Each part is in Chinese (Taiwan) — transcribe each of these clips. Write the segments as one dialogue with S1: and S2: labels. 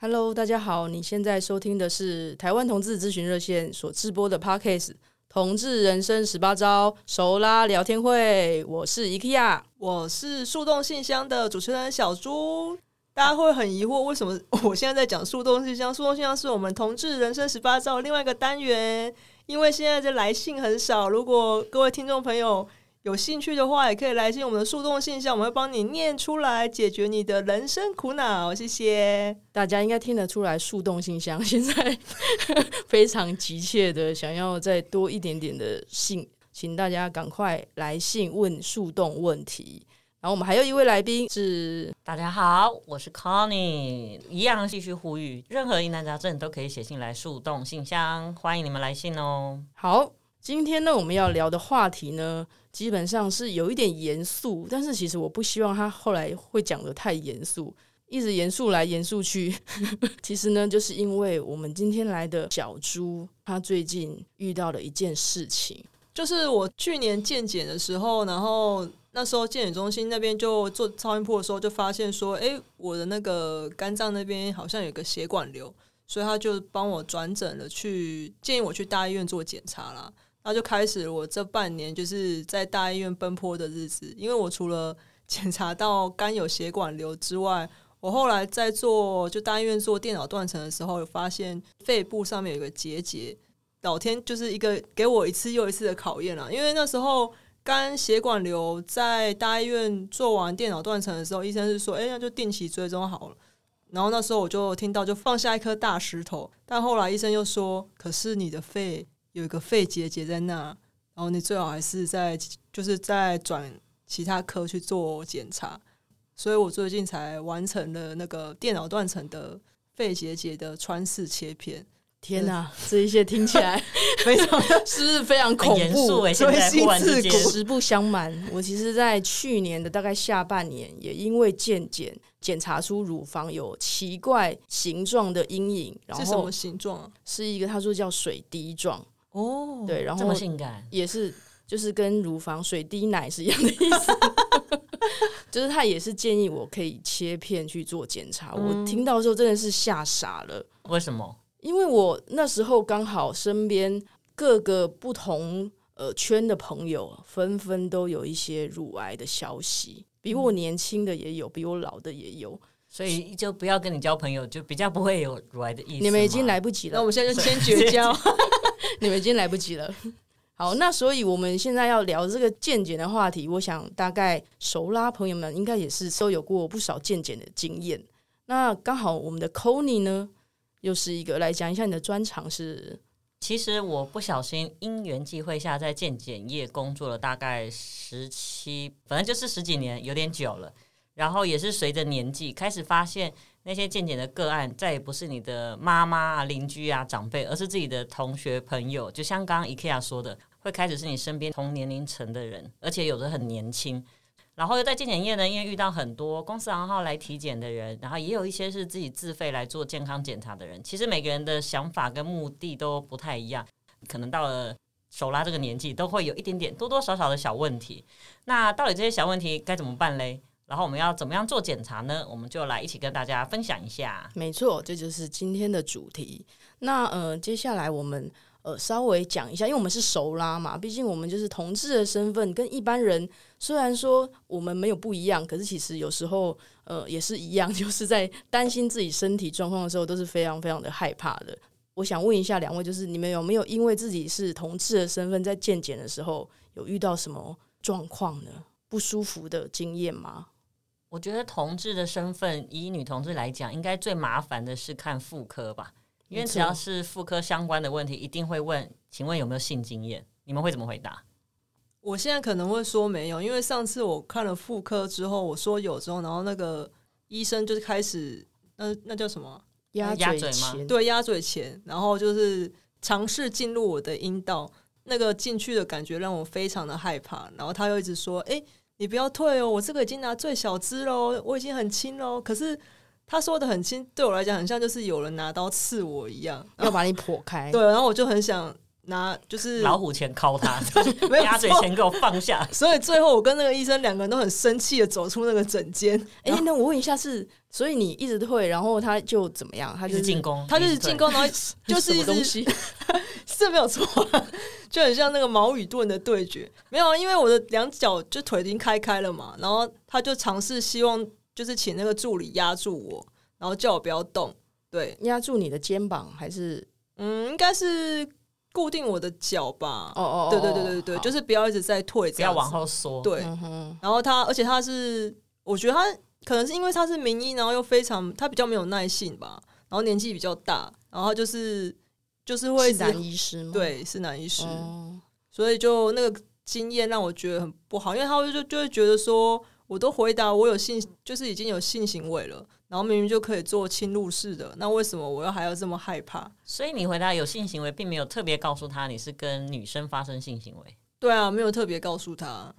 S1: Hello，大家好！你現在收聽的是台灣同志諮詢熱線所製播的
S2: Podcast《同志人生十八招》，熟拉聊天會。我是 IKEA，我是樹洞信箱的主持人小豬。大家會很疑惑，為什麼我現在在講樹洞信箱？樹洞信箱是我們同志人生十八招的另外一個單元，因為現在這來信很少。如果各位聽眾朋友，有興趣的話，也可以來信我們的樹洞信箱，我們會幫你念出來，解決你的人生苦惱。謝謝大家，應該聽得出來樹洞，樹洞信箱現在非常急切的想
S1: 要再多一點點的信，請大家趕快來信問樹洞問題。然後我們還有一位來賓是，大家好，我是 Connie，
S3: 一樣繼續呼籲，任何疑難雜症都可以寫信來樹洞信箱，歡迎你們來信哦。
S1: 好。今天呢，我們要聊的話題呢，基本上是有一點嚴肅，但是其實我不希望他後來會講得太嚴肅，一直嚴肅來嚴肅去呵呵。其實呢，就是因為我們今天來的小朱，他最近遇到了一件事情，
S2: 就是我去年健檢的時候，然後那時候健檢中心那邊就做超音波的時候，就發現說，哎、欸，我的那個肝臟那邊好像有個血管瘤，所以他就幫我轉診了去，去建議我去大醫院做檢查啦。那就開始我這半年就是在大醫院奔波的日子，因為我除了檢查到肝有血管瘤之外，我後來在做就大醫院做電腦斷層的時候，發現肺部上面有個結節。老天，就是一個給我一次又一次的考驗了。因為那時候肝血管瘤在大醫院做完電腦斷層的時候，醫生是說：“哎，那就定期追蹤好了。”然後那時候我就聽到就放下一顆大石頭，但後來醫生又說：“可是你的肺。”有一個肺結節在那，然後你最好還是在就是在轉其他科去做檢查。所以我最近才完成了那個電腦斷層的肺結節的穿刺切片。天哪、啊，就是、這一些聽起來 非常是不是非常恐怖？所以親自實不相瞞，我其實在
S1: 去年的大概下半年也因為健檢檢查出乳房有奇怪形狀的陰影，然後是什麼形狀？是一個他說叫水滴狀。哦，對，然後這麼性感也是，就是跟乳房水滴奶是一樣的意思， 就是他也是建議我可以切片去做檢查。嗯、我聽到的時候真的是嚇傻了。為什麼？因為我那時候剛好身邊各個不同呃圈的朋友紛紛都有一些乳癌的消息，比我年輕的也有，比我老的也有，嗯、所以就不要跟你交朋
S3: 友，就比較不會有乳癌的意思。你們已
S1: 經來不及了，那我們現在就先絕交。是 你們已經來不及了，好，那所以我們現在要聊這個健檢的話題，我想大概熟拉朋友們應該也是都有過不少健檢的經驗。那剛好我們的 Kony 呢，又是一個，來講一下你的專長是。其實我不小
S3: 心因緣際會下在健檢業工作了大概十七，反正就是十幾年，有點久了。然後也是隨着年紀開始發現。那些健檢的個案，再也不是你的媽媽啊、鄰居啊、長輩，而是自己的同學朋友。就像剛剛 IKEA 說的，會開始是你身邊同年齡層的人，而且有的很年輕。然後又在健檢業呢，因為遇到很多公司行號來體檢的人，然後也有一些是自己自費來做健康檢查的人。其實每個人的想法跟目的都不太一樣，可能到了熟拉這個年紀，都會有一點點多多少少的小問題。那到底這些小問題該怎麼辦嘞？然後我們要怎麼樣做檢查呢？我們就來一起跟大家分享一下。
S1: 沒錯，這就是今天的主題。那呃，接下來我們呃稍微講一下，因為我們是熟拉嘛，畢竟我們就是同志的身份，跟一般人雖然說我們沒有不一樣，可是其實有時候呃也是一樣，就是在擔心自己身體狀況的時候都是非常非常的害怕的。我想問一下兩位，就是你們有沒有因為自己是同志的身份，在健檢的時候有遇到什麼狀況呢？不舒服的經驗嗎？
S3: 我覺得同志的身份，以女同志來講，應該最麻煩的是看婦科吧，因為只要是婦科相關的問題，一定會問，請問有沒有性經驗？你們會怎麼回答？
S2: 我現在可能會說沒有，因為上次我看了婦科之後，我說有之後，然後那個醫生就是開始，那那叫什麼？
S1: 鴨嘴嘛？對，鴨
S2: 嘴鉗，然後就是嘗試進入我的陰道，那個進去的感覺讓我非常的害怕，然後他又一直說，誒……你不要退哦，我這個已經拿最小支嘍，我已經很輕嘍。可是他說的很輕，對我來講很像就是有人拿刀刺我一樣，要把
S1: 你剖開。對，
S2: 然後我就很想。拿就是老
S3: 虎鉗敲他，
S2: 鴨嘴鉗給我放下。所以最後我跟那個醫生兩個人都很生氣的走出那個診間。哎，那我問一下，是所以你一直退，然後他就怎麼樣？他就進攻，他就是進攻，然後就是什麼東西， 是沒有錯，就很像那個矛與盾的對決。沒有、啊，因為我的兩腳就腿已經開開了嘛，然後他就嘗試希望就是請那個助理壓住我，然後叫我不要動。對，壓住你的肩膀還是嗯，應該是。固定我的腳吧，哦哦，對對對對對,對 oh, oh, oh, oh, 就是不要一直在退，不要往後縮，對。然後他，而且他是，我覺得他可能是因為他是名醫，然後又非常他比較沒有耐性吧，然後年紀比較大，然後就是就是會男醫師嘛，對，是男醫師，醫師所以就那個經驗讓我覺得很不好，因為他會就就會覺得說，我都回答我有性，就是已經有性行為了。然後明明就可以做侵入式的，那為什麼我又還要這麼害怕？所
S3: 以你回答有性行為，並沒有特別告訴他你是跟女生發生性行為。
S2: 對啊，沒有特別告訴他。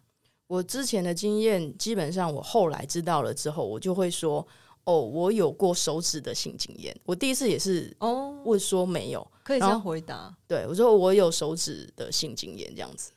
S2: 我之前的經驗，
S1: 基本上我後來知道了之後，我就會說：“哦，我有過手指的性經驗。”我第一次也是哦，會說沒有，oh, 然後，可以這樣回答。對，我說我有手指的性經驗，這樣子。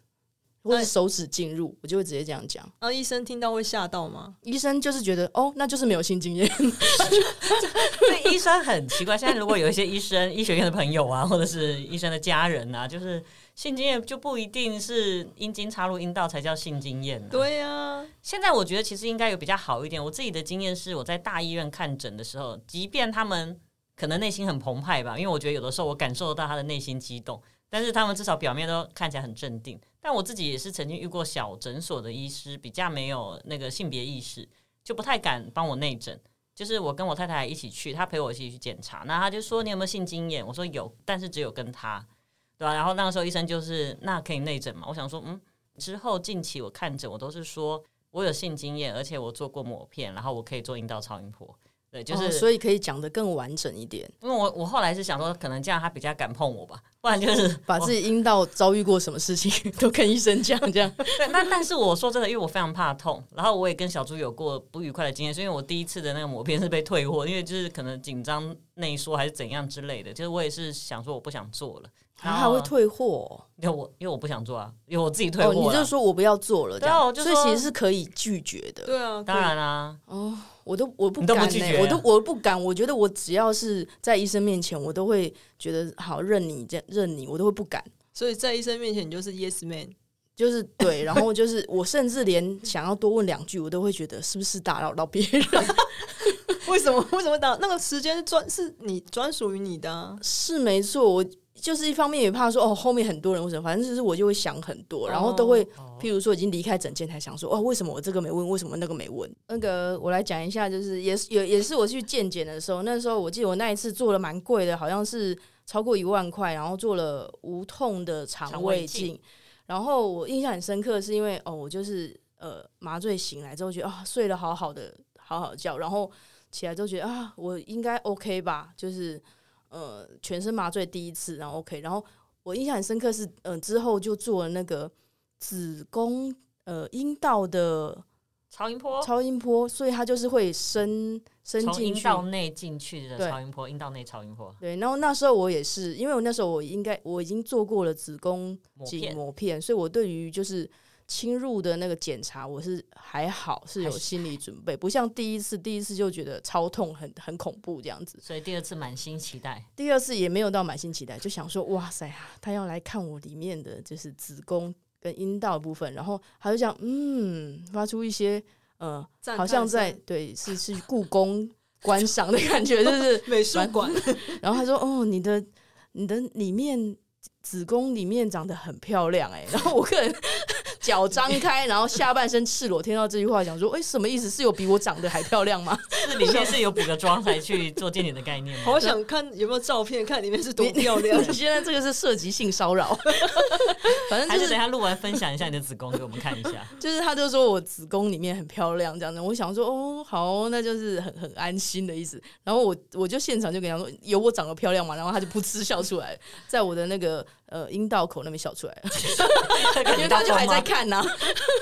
S1: 或者手指進入，我就會直接這樣講。
S2: 然後、啊、醫生聽到會嚇到嗎？醫生就是覺得哦，那就是沒有性經驗。
S3: 所以醫生很奇怪。現在如果有一些醫生、 醫學院的朋友啊，或者是醫生的家人啊，就是性經驗就不一定是陰莖插入陰道才叫性經驗、
S2: 啊。對啊，現
S3: 在我覺得其實應該有比較好一點。我自己的經驗是，我在大醫院看診的時候，即便他們可能內心很澎湃吧，因為我覺得有的時候我感受到他的內心激動，但是他們至少表面都看起來很鎮定。但我自己也是曾經遇過小診所的醫師，比較沒有那個性別意識，就不太敢幫我內診。就是我跟我太太一起去，他陪我一起去檢查，那他就說你有沒有性經驗？我說有，但是只有跟他，對吧、啊？然後那個時候醫生就是那可以內診嘛？我想說，嗯，之後近期我看診，我都是說我有性經驗，而且我做過抹片，然後我可以做陰道超音波。對，就是、哦、所
S1: 以可以講得更完整一點。因為我我
S3: 後來是想說，可能這樣他比較敢碰我吧。不然就是把自己
S1: 陰道遭遇過什麼事情 都跟醫生講，這樣。
S3: 對，那但是我說真的，因為我非常怕痛，然後我也跟小豬有過不愉快的經驗，所以因為我第一次的那個抹片，是被退貨，因為就是可能緊張內縮還是怎樣之類的，就是我也是想說我不想做了。
S1: 然後還，還會退貨、哦？因為
S3: 我因為我不想做啊，因
S1: 為我自己退貨、哦。你就說我不要做了，這樣，對啊、就所以其實是可以拒
S2: 絕的。對啊，當然啊。哦。
S1: 我都我不敢、欸，都不我都我不敢。我覺得我只要是在醫生面前，我都會覺得好認你認你，我都會不敢。
S2: 所以，在醫生面前，你就是 yes man，
S1: 就是對。然後就是 我，甚至連想要多問兩
S2: 句，我都會覺得是不是打擾到別人？ 為什麼？為什麼打？那個時間是專是你專屬於你的。啊，是
S1: 沒錯。我。就是一方面也怕說哦，後面很多人，為什麼？反正就是我就會想很多，哦、然後都會，哦、譬如說已經離開診間才想說哦，為什麼我這個沒問，為什麼那個沒問？那個我來講一下，就是也是也也是我去健檢的時候， 那時候我記得我那一次做了蠻貴的，好像是超過一萬塊，然後做了無痛的腸胃鏡。腸胃鏡，然後我印象很深刻，是因為哦，我就是呃麻醉醒來之後覺得啊、哦、睡得好好的，好好覺，然後起來之後覺得啊我應該 OK 吧，就是。呃，全身麻醉第一次，然後 OK，然後我印象很深刻是，嗯、呃，之後就做了那個子宮呃陰道的超音波，超音波，超音波，所以它就是會伸伸進陰道
S3: 內進去的超音波，陰對道內超音波。
S1: 對，然後那時候我也是，因為我那時候我應該我已經做過了子宮頸抹片，所以我對於就是。侵入的那個檢查，我是還好是有心理準備，不像第一次，第一次就覺得超痛，很很恐怖這樣子。所以第二次滿心期待，第二次也沒有到滿心期待，就想說哇塞、啊、他要來看我裡面的就是子宮跟陰道的部分。然後他就想嗯，發出一些呃，好像在對是是故宮觀賞的感覺， 就，就是 美術館館。 然後他說哦，你的你的裡面子宮裡面長得很漂亮哎、欸，然後我個人。腳張開，然後下半身赤裸。聽到這句話，想說：“哎、欸，什麼意思？是有比我長得還漂亮嗎？”
S3: 是裡面是有補個妝才去做鑑定的概念嗎？好，想
S2: 看有沒有照片，看裡面是多漂亮你。
S1: 你現在這個是涉及性騷擾， 反
S3: 正就是，還是等一下錄完分享一下你的子宮給我們看一下。
S2: 就是他就說我子宮裡面
S1: 很漂亮，這樣子。我想說，哦，好哦，那就是很很安心的意思。然後我我就現場就跟他說：“有我長得漂亮嗎？”然後他就噗嗤笑出來，在我的那個。呃，陰道口那邊笑出來感覺 他就還在看呢、啊。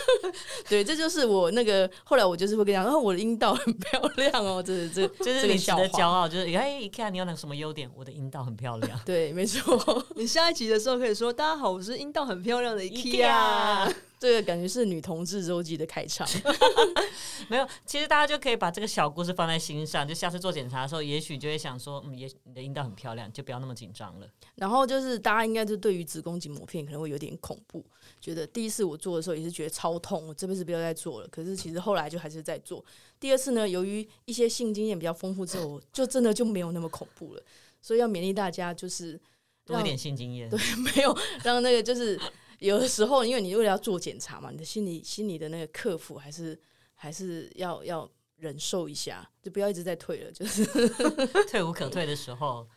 S1: 對，這就是我那個後來我就是會跟你講，然、哦、我的陰道很漂亮哦，這是這這是你的驕傲，就是哎
S3: 一看你有那個什麼優點，我的陰道很漂亮。
S2: 對，沒錯， 你下一集的時候可以說，大家好，我是陰道很漂亮的 Ikea。這個感覺是女同志週記的開場，
S3: 沒有。其實大家就可以把這個小故事放在心上，就下次做檢查的時候，也許就會想說，嗯，也許你的陰道很漂亮，就不要那麼緊張了。
S1: 然後就是大家應該就對於子宮頸抹片可能會有點恐怖，覺得第一次我做的時候也是覺得超痛，我這輩子不要再做了。可是其實後來就還是在做。第二次呢，由於一些性經驗比較豐富之後，就真的就沒有那麼恐怖了。所以要勉勵大家，就是多一點性經驗，對，沒有讓那個就是。有的時候，因為你為了要做檢查嘛，你的心理心理的那個克服還是還是要要忍受一下，就不要一直在退了。就是 退無
S3: 可退的時候，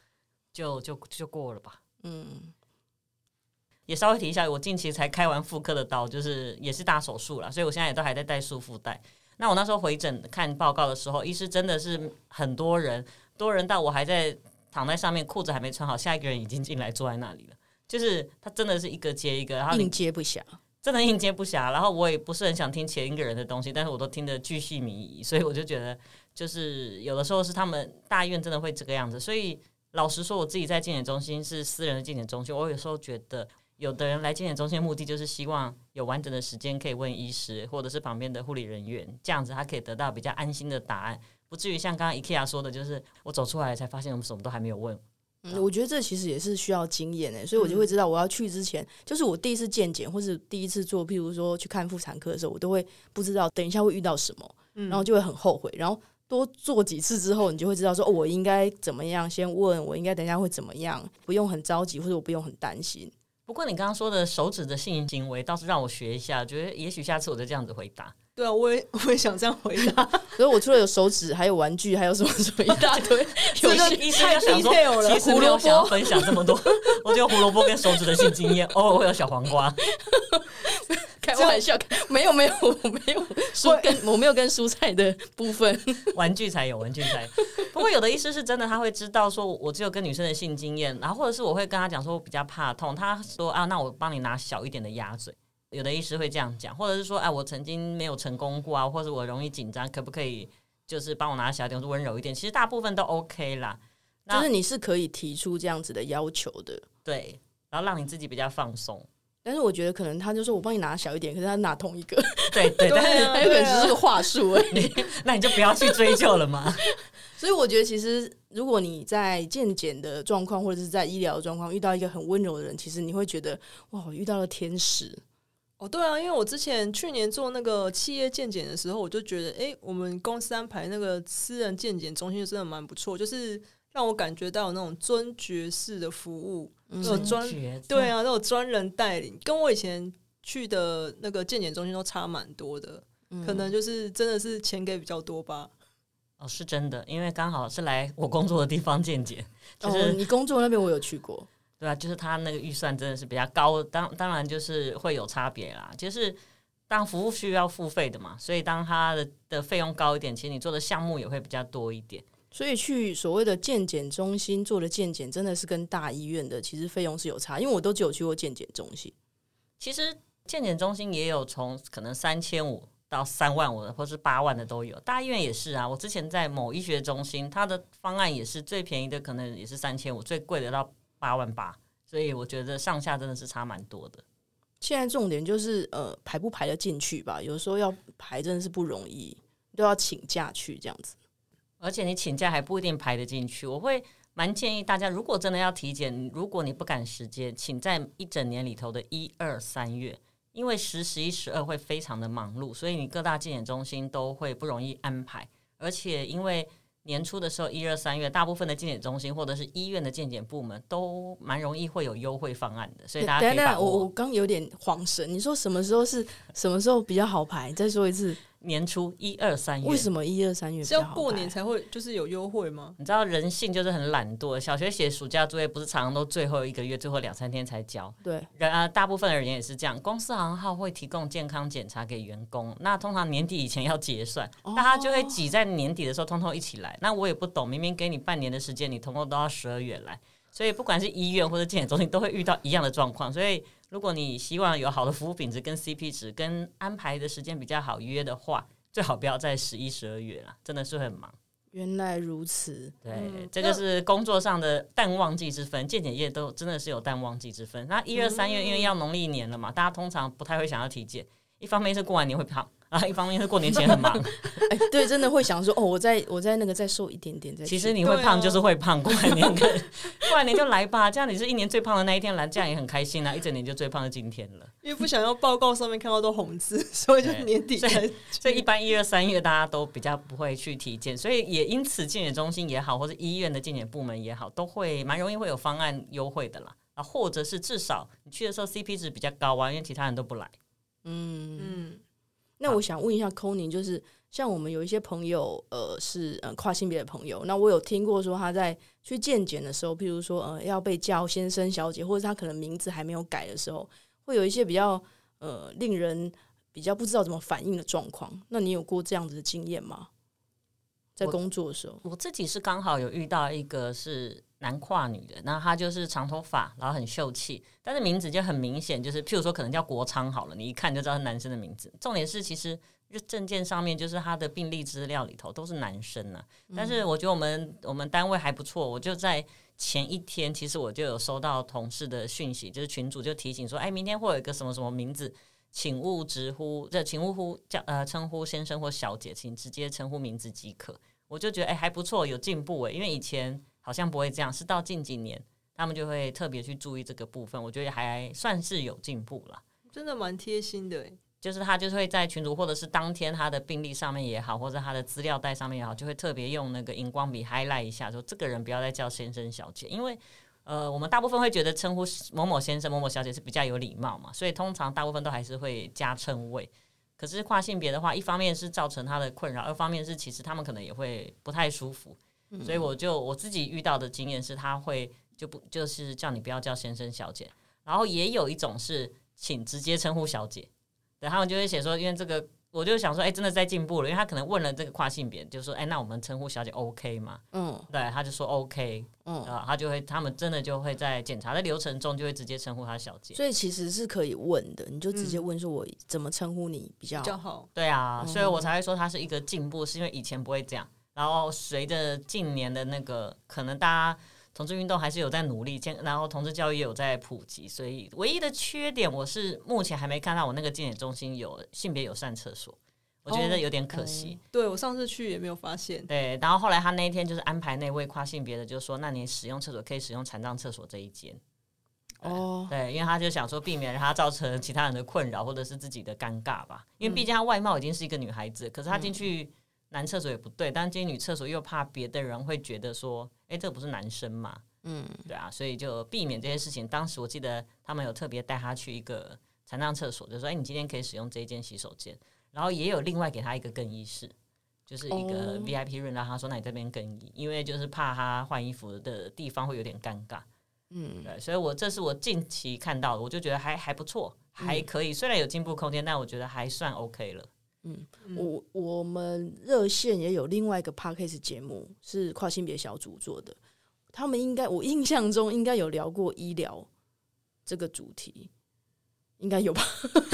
S3: 就就就過了吧。嗯。也稍微提一下，我近期才開完婦科的刀，就是也是大手術啦，所以我現在也都還在帶束縛帶。那我那時候回診看報告的時候，醫師真的是很多人，多人到我還在躺在上面，褲子還沒穿好，下一個人已經進來坐在那裡了。就是他真的是一個接一個，然後應接不暇，真的應接不暇。然後我也不是很想聽前一個人的東西，但是我都聽得巨細靡遺，所以我就覺得，就是有的時候是他們大院真的會這個樣子。所以老實說，我自己在健檢中心是私人的健檢中心，我有時候覺得有的人來健檢中心的目的就是希望有完整的時間可以問醫師或者是旁邊的護理人員，這樣子他可以得到比較安心的答案，不至於像剛剛 IKEA 說的，就是我走出來才發
S1: 現我們什麼都還沒有問。嗯、我覺得這其實也是需要經驗的，所以我就會知道，我要去之前，嗯、就是我第一次健檢或是第一次做，譬如說去看婦產科的時候，我都會不知道等一下會遇到什麼，嗯、然後就會很後悔。然後多做幾次之後，你就會知道說，說、哦、我應該怎麼樣先問，我應該等一下會怎麼樣，不用很着急，或者我不用很擔心。
S3: 不過你剛剛說的手指的性行為倒是讓我學一下，覺得也許下次我就這樣子回答。
S1: 對啊，我也我也想這樣回答。 所以，我除了有手指，還有玩具，還有什麼什麼一大堆有，這
S2: 就太 detail
S3: 了。其實沒有想要分享這麼多。我只有胡蘿蔔跟手指的性經驗。偶爾會有小黃瓜。
S1: 開玩笑，沒有沒有我沒有說跟
S3: 我，我沒有跟蔬菜的部分， 玩具才有，玩具才有。不過有的醫師是真的，他會知道說，我只有跟女生的性經驗，然後或者是我會跟他講說我比較怕痛，他說啊，那我幫你拿小一點的鴨嘴。有的醫師會這樣講，或者是說，哎，我曾經沒有成功過啊，或者我容易緊張，可不可以就是幫我拿小一點，或溫柔一點？其實大部分都 OK 啦，
S1: 就是你是可以提出這樣子的要求的，
S3: 對，然後讓你自己比較放鬆。
S1: 但是我覺得可能他就說我幫你拿小一點，可是他拿同一個，對對，對但是他有可能只是個
S3: 話術而已，那你就不要去追究了嘛。
S1: 所以我覺得，其實如果你在健檢的狀況，或者是在醫療的狀況遇到一個很溫柔的人，其實你會覺得哇，我遇到了天使。
S2: 哦，對啊，因為我之前去年做那個企業健檢的時候，我就覺得，哎，我們公司安排那個私人健檢中心真的蠻不錯，就是讓我感覺到那種尊爵式的服務，有、嗯、專，爵對啊，那種專人帶領，跟我以前去的那個健檢中心都差蠻多的，嗯、可能就是真的是錢給比較多吧。
S3: 哦，是真的，因為剛好是來我工作的地方健檢，
S1: 就是、哦、你工作那邊我有去過。
S3: 對啊，就是他那個預算真的是比較高，當當然就是會有差別啦。就是當服務需要付費的嘛，所以當他的的費用高一點，其實你做的項目也會比較多一點。
S1: 所以去所謂的健檢中心做的健檢，真的是跟大醫院的其實費用是有差，因為我都只有去過健檢中心。
S3: 其實健檢中心也有從可能三千五到三萬五的，或是八萬的都有。大醫院也是啊，我之前在某醫學中心，他的方案也是最便宜的，可能也是三千五，最貴的到八萬八，所以我覺得上下真的是差蠻多
S1: 的。現在重點就是呃排不排得進去吧？有時候要排真的是不容易，都要請假去這樣子。
S3: 而且你請假還不一定排得進去。我會蠻建議大家，如果真的要體檢，如果你不趕時間，請在一整年裡頭的一二三月，因為十十一十二會非常的忙碌，所以你各大體檢中心都會不容易安排。而且因為年初的時候，一、二、三月，大部分的體檢中心或者是醫院的體檢部門都蠻容易會有優惠方案的，所以大家可以把握。等等，我我
S1: 剛有點恍神，你說什麼時候是？什麼時候比較好排？ 再說一次。年初一二三月，為什麼
S2: 一二三月只有過年才會就是有優惠嗎？你知道人性就是很
S3: 懶惰。小學寫暑假作業，不是常常都最後一個月、最後兩三天才交？對，人啊、呃，大部分的人也是這樣。公司行號會提供健康檢查給員工，那通常年底以前要結算，那他就會擠在年底的時候通通一起來。哦、那我也不懂，明明給你半年的時間，你通通都要十二月來，所以不管是醫院或者體檢中心，你都會遇到一樣的狀況。所以。如果你希望有好的服務品質、跟 CP 值、跟安排的時間比較好約的話，最好不要在十一、十二月啦，真的是很忙。
S1: 原來如此，對，嗯、這個是
S3: 工作上的淡旺季之分。健檢業都真的是有淡旺季之分。那一月、二月、三月因為要農曆年了嘛，嗯、大家通常不太會想要體檢，一方面是過完年會胖，啊，一方面是過年前很
S1: 忙， 哎，對，真的會想說，哦，我在我在那個再瘦一點點再，再其實你會胖，就
S3: 是會胖過完年，過完年就來吧，這樣你是一年最胖的那一天來，這樣也很開心啊，一整年就最胖的今天了。
S2: 因為不想要報告上面看到都紅字，所以就年底所以，所以一般一、二、
S3: 三月大家都比較不會去體檢，所以也因此，健檢中心也好，或者醫院的健檢部門也好，都會蠻容易會有方案優惠的啦。啊，或者是至少你去的時候 CP 值比較高啊，因為其他人都不來。嗯
S1: 嗯。嗯那我想問一下，空寧，就是像我們有一些朋友，呃，是呃跨性別的朋友。那我有聽過說他在去健檢的時候，譬如說，呃，要被叫先生、小姐，或者他可能名字還沒有改的時候，會有一些比較呃令人比較不知道怎麼反應的狀況。那你有過這樣子的經驗嗎？在工作的時候，
S3: 我，我自己是剛好有遇到一個是。男跨女的，那他就是長頭髮，然後很秀氣，但是名字就很明顯，就是譬如說可能叫國昌好了，你一看就知道是男生的名字。重點是其實就證件上面，就是他的病歷資料裡頭都是男生呢、啊，但是我覺得我們、嗯、我們單位還不錯，我就在前一天，其實我就有收到同事的訊息，就是群主就提醒說，哎，明天會有一個什麼什麼名字，請勿直呼，這請勿呼叫呃稱呼先生或小姐，請直接稱呼名字即可。我就覺得哎還不錯，有進步誒，因為以前。好像不會這樣，是到近幾年，他們就會特別去注意這個部分。我覺得還算是有進步了，
S2: 真的蠻貼心的。
S3: 就是他就是會在群組或者是當天他的病歷上面也好，或者他的資料袋上面也好，就會特別用那個熒光筆 highlight 一下，說這個人不要再叫先生小姐，因為呃，我們大部分會覺得稱呼某某先生、某某小姐是比較有禮貌嘛，所以通常大部分都還是會加稱謂。可是跨性別的話，一方面是造成他的困擾，二方面是其實他們可能也會不太舒服。所以我就我自己遇到的經驗是，他會就不就是叫你不要叫先生小姐，然後也有一種是請直接稱呼小姐，然後就會寫說，因為這個我就想說，哎、欸，真的在進步了，因為他可能問了這個跨性別，就說，哎、欸，那我們稱呼小姐 OK 嗎？嗯，對，他就說 OK，嗯，啊，他就會他們真的就會在檢查的流程中就會直接稱呼他小姐，所以
S1: 其實是可以問的，你就直接問說，我怎麼稱呼你比較、嗯、比較好？對
S3: 啊，所以我才會說他是一個進步，是因為以前不會這樣。然後隨着近年的那個，可能大家同志運動還是有在努力，然後同志教育也有在普及，所以唯一的缺點，我是目前還沒看到我那個健檢中心有性別友善廁所，我覺得這有點可惜、哦嗯。
S2: 對，我上次去也沒有發現。
S3: 對，然後後來他那天就是安排那位跨性別的，就是說：“那你使用廁所可以使用殘障廁所這一間。”哦，對，因為他就想說避免讓他造成其他人的困擾或者是自己的尷尬吧，因為畢竟他外貌已經是一個女孩子，嗯、可是他進去，男廁所也不對，但是女廁所又怕別的人會覺得說，哎，這不是男生嘛？嗯，對啊，所以就避免這些事情。當時我記得他們有特別帶他去一個殘障廁所，就說，哎，你今天可以使用這一間洗手間，然後也有另外給他一個更衣室，就是一個 VIP room，然後他說，那你這邊更衣，因為就是怕他換衣服的地方會有點尷尬，嗯，對，所以我這是我近期看到的，我就覺得還還不錯，還可以，嗯、雖然有進步空間，但我覺得還算 OK 了。
S1: 嗯，嗯我我們熱線也有另外一個 Podcast 節目是跨性別小組做的，他們應該我印象中應該有聊過醫療這個主題，應該有吧？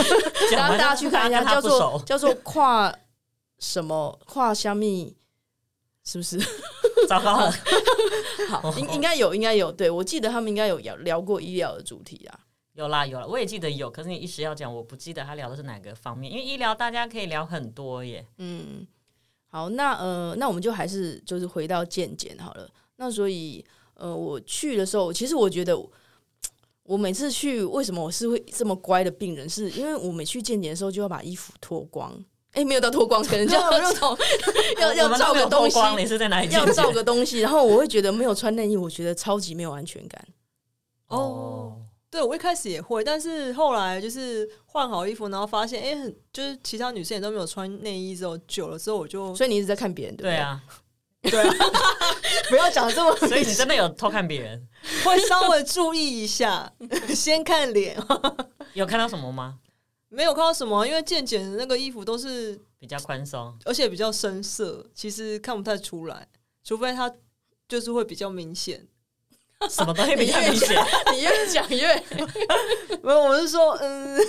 S1: 完讓大家去看一下，他他叫做叫做跨什麼跨蝦米，是不是？ 糟糕了， 好，哦哦應應該有，應該有。對，我記得他們應該有聊聊過醫療的主題啊。
S3: 有啦有啦，我也記得有，可是你一時要講，我不記得他聊的是哪個方面，因為醫療大家可以聊很多耶。嗯，
S1: 好，那呃，那我們就還是就是回到健檢好了。那所以呃，我去的時候，其實我覺得我每次去，為什麼我是會這麼乖的病人？是因為我每去健檢的時候就要把衣服脫光，哎、欸，沒有到脫光可能就要
S2: 要照個東西，要照個
S1: 東西，然後我會覺得沒有穿內衣，我覺得超級沒有安全感。
S2: 哦。Oh. 對，我一開始也會，但是後來就是換好衣服，然後發現，哎，就是其他女生也都沒有穿內衣。之後久了之後，我就所以你一直在看別人，對啊，對啊，不要講這麼，所以你真的有偷看別人， 會稍微注意一下， 先看臉，
S3: 有看到什麼嗎？
S2: 沒有看到什麼，因為健檢的那個衣服都是
S3: 比較寬鬆，
S2: 而且比較深色，其實看不太出來，除非它就是會比較明顯。 什麼東西比較明顯，你願意講？你越講，你越講越…… 沒有，我是說，嗯，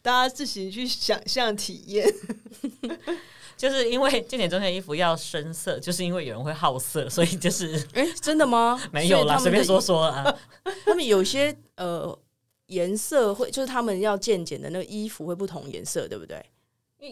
S2: 大家自行去想象體驗。
S3: 就是因為健檢中的衣服要深色，就是因為有人會好色，所以就是……欸、真
S1: 的嗎？ 沒有了啦，隨便說說，啊。他們有些呃顏色會，就是他們要健檢的那個衣服會不同顏色，對不對？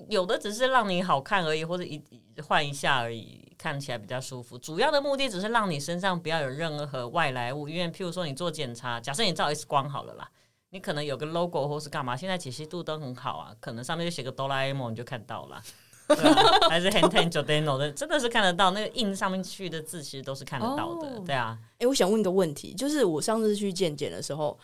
S3: 有的只是讓你好看而已，或者一換一下而已。看起來比較舒服，主要的目的只是讓你身上不要有任何外來物，因為譬如說你做檢查，假設你照 X 光好了啦，你可能有個 logo 或是幹嘛，現在解析度都很好啊，可能上面就寫個哆啦 A 夢，你就看到
S1: 了，
S3: 對還是 Hans Jordan 的，真的是看得到，那個印上面去的字其實都是看得到的，oh, 對啊。
S1: 誒、欸，我想問一個問題，就是我上次去健檢的時候。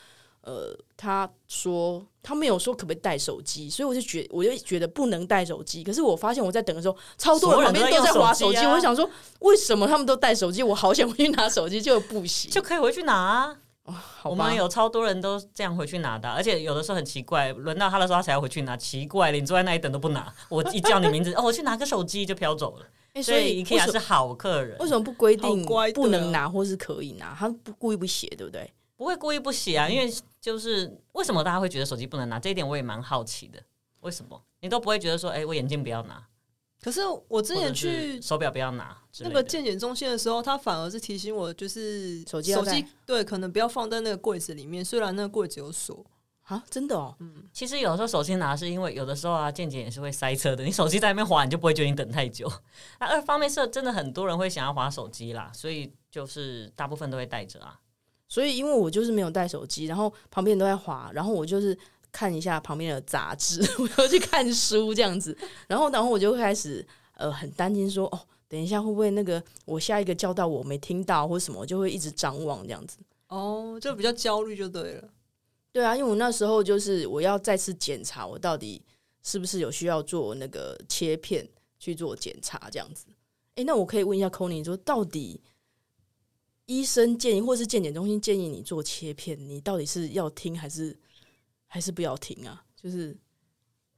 S1: 呃，他說他沒有說可不可以帶手機，所以我就覺我就覺得不能帶手機。可是我發現我在等的時候，超多人旁邊都在滑手機。手機啊，我想說，為什麼他們都帶手機？我好想回去拿手機，就不行，就可以回去拿啊。哦，我們有
S3: 超多人都這樣回去拿的，啊，而且有的時候很奇怪，輪到他的時候他才要回去拿，奇怪了，你坐在那裡等都不拿，我一叫你名字 哦，我去拿個手機就飄走了。欸，
S1: 所以你還是
S3: 好客人。
S1: 為什麼不規定不能拿或是可以拿？哦，他不故意不寫，對不對？
S3: 不會故意不洗啊，因為就是為什麼大家會覺得手機不能拿這一點，我也蠻好奇的。為什麼你都不會覺得說，誒、哎，我眼鏡不要拿？
S2: 可是我之前去
S3: 手表不要拿那個
S2: 健檢中心的時候，他反而是提醒我，就是手機，要手機對，可能不要放在那個櫃子裡面。雖然那個櫃子有鎖啊，真的哦，嗯。
S3: 其實有的時候手機拿是因為有的時候啊，健檢也是會塞車的。你手機在那邊滑，你就不會覺得你等太久。那、啊、二方面是，真的很多人會想要滑手機啦，所以就是大部分都會帶着啊。
S1: 所以，因為我就是沒有帶手機，然後旁邊都在滑。然後我就是看一下旁邊的雜誌，我 要去看書這樣子。然後，然後我就開始呃很擔心說，說哦，等一下會不會那個我下一個叫到我沒聽到或什麼，我就會一直張望這樣子。
S2: 哦，就比較焦慮就對了、
S1: 嗯。對啊，因為我那時候就是我要再次檢查我到底是不是有需要做那個切片去做檢查這樣子。哎、欸，那我可以問一下 Conny 說到底。醫生建議，或是健檢中心建議你做切片，你到底是要聽還是還是不要聽啊？就是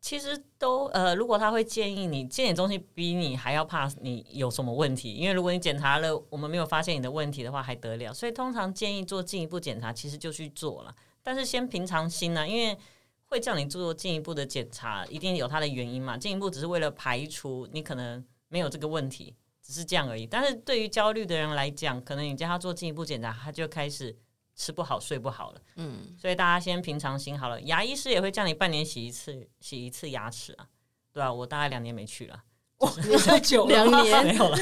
S3: 其實都呃，如果他會建議你，健檢中心比你還要怕你有什麼問題，因為如果你檢查了，我們沒有發現你的問題的話，還得了。所以通常建議做進一步檢查，其實就去做了。但是先平常心呢、啊，因為會叫你做進一步的檢查，一定有它的原因嘛。進一步只是為了排除你可能沒有這個問題。只是這樣而已，但是對於焦慮的人來講，可能你叫他做進一步檢查，他就開始吃不好、睡不好了。嗯，所以大家先平常心好了。牙醫師也會叫你半年洗一次、洗一次牙齒啊，對啊，我大概兩年沒去、哦、了，我太久，兩年 沒有了，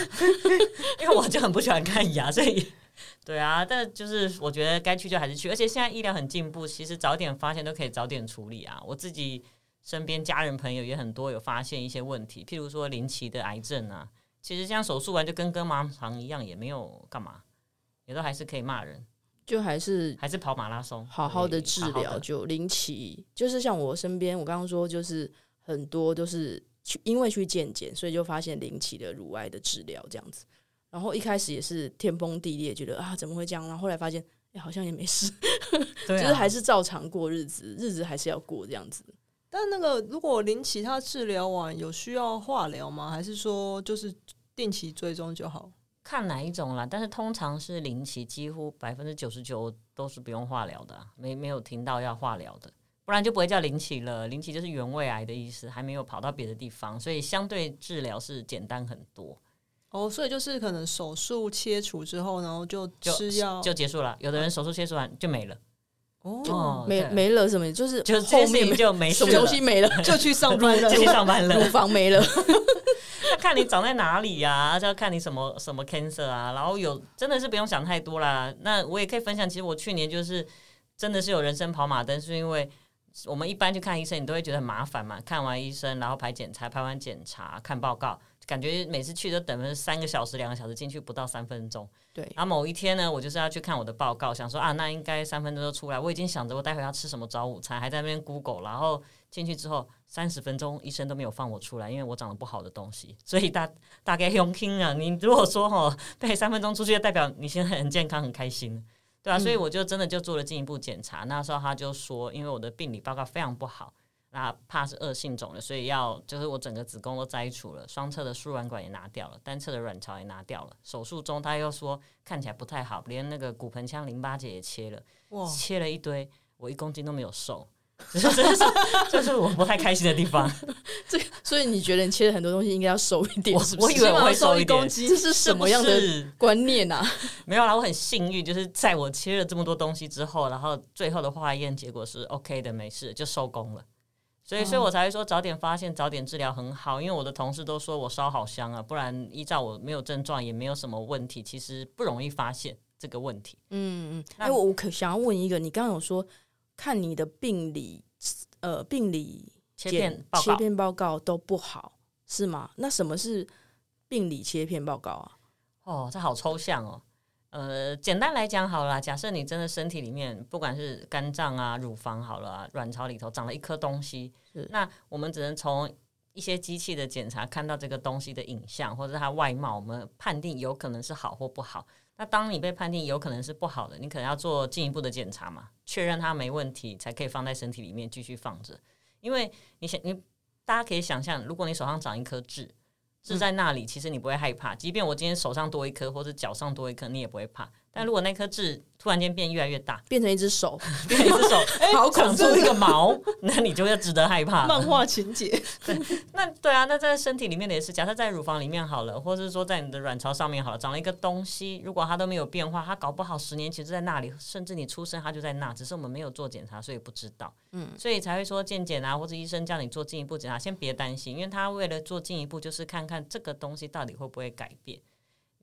S3: 因為我就很不喜歡看牙，所以對啊。但就是我覺得該去就還是去，而且現在醫療很進步，其實早點發現都可以早點處理啊。我自己身邊家人朋友也很多有發現一些問題，譬如說林奇的癌症啊。其實這樣手術完就跟跟盲腸一樣，也沒有幹嘛，也都還是可以罵人，就還是還是跑馬拉松，好好的治療的
S1: 就零期，就是像我身邊，我剛剛說就是很多都是去因為去健檢，所以就發現零期的乳癌的治療這樣子，然後一開始也是天崩地裂，覺得啊怎麼會這樣，啊，然後後來發現哎好像也沒事，
S2: 啊、就是還是
S1: 照常過日子，日子還是要過這樣子。
S2: 但那個如果零期他治療完，啊、有需要化療嗎？還是說就是。定期追蹤就好，看哪一種啦。但是通常是零
S3: 期，幾乎百分之九十九都是不用化療的、啊，沒沒有聽到要化療的，不然就不會叫零期了。零期就是原位癌的意思，還沒有跑到別的地方，所以相對治療是簡單很多。
S2: 哦，所以就是可能手術切除之後呢，然後就吃藥
S3: 就結束了。有的人手術切除完就沒了。
S2: 哦，沒對
S1: 沒了什麼，就是就是後面就沒什麼，東西沒了，沒了 就去上班了， 就去上班了，乳房沒了，
S3: 那看你長在哪裡呀、啊，就要看你什麼什麼 cancer 啊，然後有真的是不用想太多啦。那我也可以分享，其實我去年就是真的是有人生跑馬燈，是因為我們一般去看醫生，你都會覺得很麻煩嘛，看完醫生，然後排檢查，排完檢查，看報告。感覺每次去都等了三個小時、兩個小時進去不到三分鐘，對。啊，某一天呢，我就是要去看我的報告，想說啊，那應該三分鐘就出來。我已經想着我待會要吃什麼早午餐，還在那邊 Google，然後進去之後三十分鐘醫生都沒有放我出來，因為我長得不好的東西。所以大大概用聽啊，你如果說哦，對，三分鐘出去就代表你現在很健康、很開心，對啊，嗯、所以我就真的就做了進一步檢查。那時候他就說，因為我的病理報告非常不好。那、啊、怕是惡性腫瘤，所以要就是我整個子宮都摘除了，雙側的輸卵管也拿掉了，單側的卵巢也拿掉了。手術中，他又說看起來不太好，連那個骨盆腔淋巴結也切了，哇切了一堆。我一公斤都沒有瘦，這哇、就是、 就是、就是我不太開心的地方。
S1: 這個，所以你覺得你切了很多東西應該要瘦一點？我是不是我以為我會瘦一點，瘦一公斤，是是，這是什麼樣的觀念呢、啊、沒有啦，我很
S3: 幸運，就是在我切了這麼多東西之後，然後最後的化驗結果是 OK 的，沒事，就收工了。所以，所以我才會說，早點發現，哦、早點治療很好。因為我的同事都說我燒好香啊，不然依照我沒有症狀，也沒有什麼問題，其實不容易發現
S1: 這個問題。嗯嗯，那哎，我可想要問一個，你剛剛有說看你的病理，呃，病理切片，切片報告都不好，是嗎？那什麼是病理切片報告啊？
S3: 哦，這好抽象哦。呃，簡單來講好了啦，假設你真的身體裡面不管是肝臟啊、乳房好了、啊、卵巢裡頭長了一顆東西，是那我們只能從一些機器的檢查看到這個東西的影像或者它外貌，我們判定有可能是好或不好。那當你被判定有可能是不好的，你可能要做進一步的檢查嘛，確認它沒問題才可以放在身體裡面繼續放着。因為你想，你大家可以想象，如果你手上長一顆痣。是在那裡，嗯、其實你不會害怕。即便我今天手上多一顆，或者腳上多一顆，你也不會怕。那如果那顆痣突然間變越來越大，
S1: 變成一隻手， 變成一隻手，毛孔、 欸、長出一個
S3: 毛， 那你就會值得害怕。漫畫情節。那對啊，那在身體裡面的也是，假設在乳房裡面好了，或者是說在你的卵巢上面好了，長了一個東西，如果它都沒有變化，它搞不好十年前就在那裡，甚至你出生它就在那，只是我們沒有做檢查，所以不知道。嗯，所以才會說健檢啊，或者醫生叫你做進一步檢查，先別擔心，因為他為了做進一步，就是看看這個東西到底會不會改變。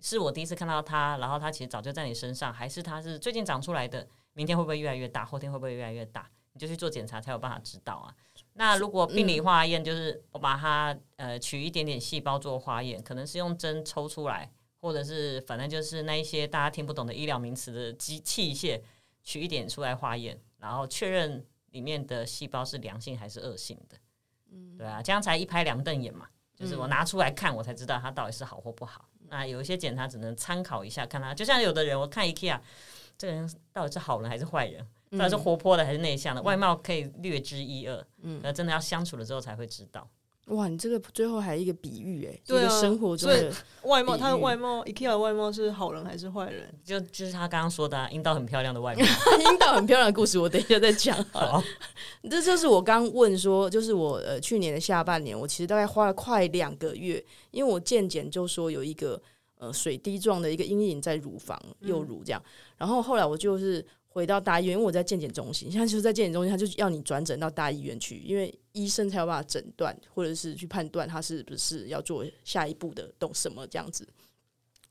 S3: 是我第一次看到它，然後它其實早就在你身上，還是它是最近長出來的？明天會不會越來越大？後天會不會越來越大？你就去做檢查才有辦法知道啊。那如果病理化驗，就是我把它呃取一點點細胞做化驗，可能是用針抽出來，或者是反正就是那一些大家聽不懂的醫療名詞的機器械取一點出來化驗，然後確認裡面的細胞是良性還是惡性的。嗯，對啊，這樣才一拍兩瞪眼嘛，就是我拿出來看，我才知道它到底是好或不好。啊，有一些檢查只能參考一下，看他就像有的人，我看一看啊，這個人到底是好人還是壞人，到底是活潑的還是內向的，嗯，外貌可以略知一二，那，嗯，真的要相處了之後才會知道。
S1: 哇，你這個最後還有一個比喻誒、欸。對啊、一個生活，中的外貌，他的外
S2: 貌 Ikea 的外貌是好人還是壞人？就就是
S3: 他剛剛說的、啊，陰道很漂亮的外貌，陰 道很漂亮的故事，我等一下再講。好，
S1: 這就是我剛問說，就是我呃去年的下半年，我其實大概花了快兩個月，因為我漸漸就說有一個呃水滴狀的一個陰影在乳房右乳這樣，嗯、然後後來我就是。回到大醫院，因為我在健檢中心，現在就是在健檢中心，他就要你轉診到大醫院去，因為醫生才有辦法診斷或者是去判斷他是不是要做下一步的懂什麼這樣子。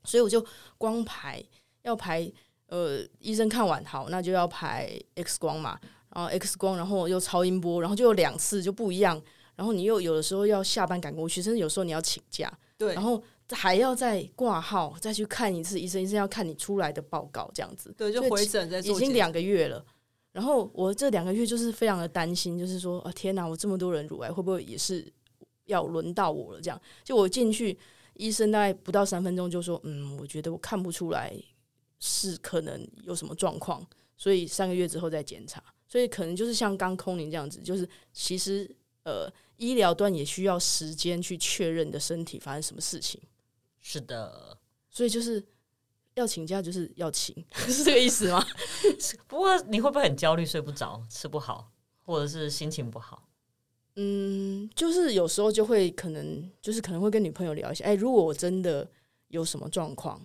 S1: 所以我就光排要排呃醫生看完好，那就要排 X 光嘛，然後 X 光，然後又超音波，然後就有兩次就不一樣，然後你又有的時候要下班趕過去，甚至有時候你要請假，對，然後。還要再掛號，再去看一次醫生。醫生要看你出來的報告，這樣子。對，就回診再做。已經兩個月了，然後我這兩個月就是非常的擔心，就是說，啊天哪，啊，我這麼多人乳癌，會不會也是要輪到我了？這樣，就我進去，醫生大概不到三分鐘就說，嗯，我覺得我看不出來是可能有什麼狀況，所以三個月之後再檢查。所以可能就是像剛空靈這樣子，就是其實呃，醫療端也需要時間去確認你的身體發生什麼事情。是的，所以就是要請假，就是要請，是這個意思嗎？ 不過你會不會很焦慮，睡不着，吃不好，或者是
S3: 心情不好？嗯，
S1: 就是有時候就會可能，就是可能會跟女朋友聊一下。哎、欸，如果我真的有什麼狀況，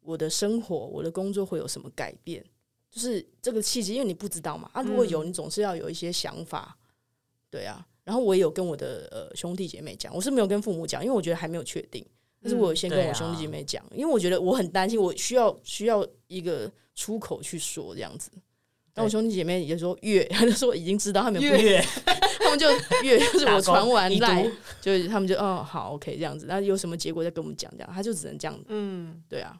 S1: 我的生活，我的工作會有什麼改變？就是這個契機，因為你不知道嘛。啊，如果有，你總是要有一些想法。嗯、對啊，然後我也有跟我的呃兄弟姐妹講，我是沒有跟父母講，因為我覺得還沒有確定。但是我先跟我兄弟姐妹講，嗯啊、因為我覺得我很擔心，我需要需要一個出口去說這樣子。但我對兄弟姐妹也就說時候越他就說已經知道他們越，月 他們就越 就是我傳完賴，就是他們就哦好 OK 這樣子。那有什麼結果再跟我們講講？他就只能這樣子。嗯，對啊。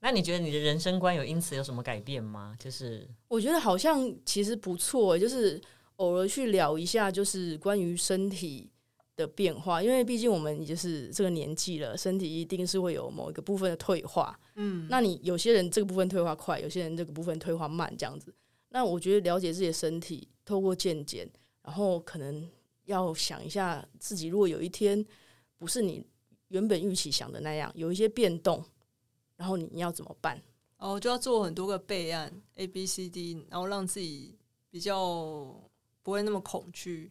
S3: 那你覺得你的人生觀有因此有什麼改變嗎？就是
S1: 我覺得好像其實不錯，就是偶爾去聊一下，就是關於身體，的變化，因為畢竟我們已經是這個年紀了，身體一定是會有某一個部分的退化。嗯，那你有些人這個部分退化快，有些人這個部分退化慢，這樣子。那我覺得了解自己的身體，透過健檢，然後可能要想一下自己，如果有一天不是你原本預期想的那樣，有一些變動，然後你要怎麼辦？
S2: 哦，我就要做很多個備案，A、B、C、D，然後讓自己比較不會那麼恐懼。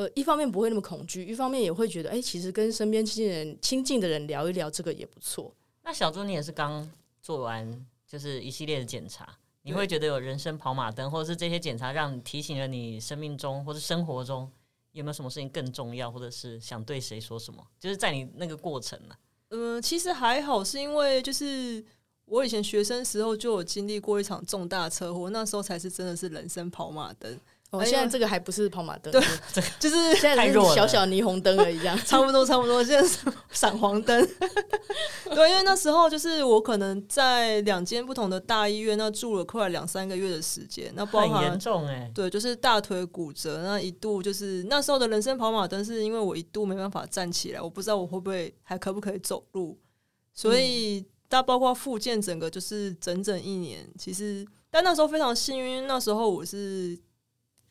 S1: 呃，一方面不會那麼恐懼，一方面也會覺得，哎、欸，其實跟身邊親近親近的人聊一聊，這個也不錯。
S3: 那小朱，你也是剛做完，就是一系列的檢查，對你會覺得有人生跑馬燈，或者是這些檢查讓你提醒了你生命中或者是生活中有沒有什麼事情更重要，或者是想對誰說什麼？就是在你那個過
S2: 程呢、啊？嗯、呃，其實還好，是因為就是我以前學生時候就有經歷過一場重大車禍，那時候才是真的是人生跑馬燈。我、哦、現在這個還不是跑馬燈、哎，對，就是現在是小小霓虹燈而已這樣，弱差不多差不多，現在是閃黃燈。 對，因為那時候就是我可能在兩間不同的大醫院那住了快兩三個月的時間，那包含很嚴重哎、欸，對，就是大腿骨折，那一度就是那時候的人生跑馬燈，是因為我一度沒辦法站起來，我不知道我會不會還可不可以走路，所以、嗯、大家包括復健，整個就是整整一年。其實，但那時候非常幸運，那時候我是。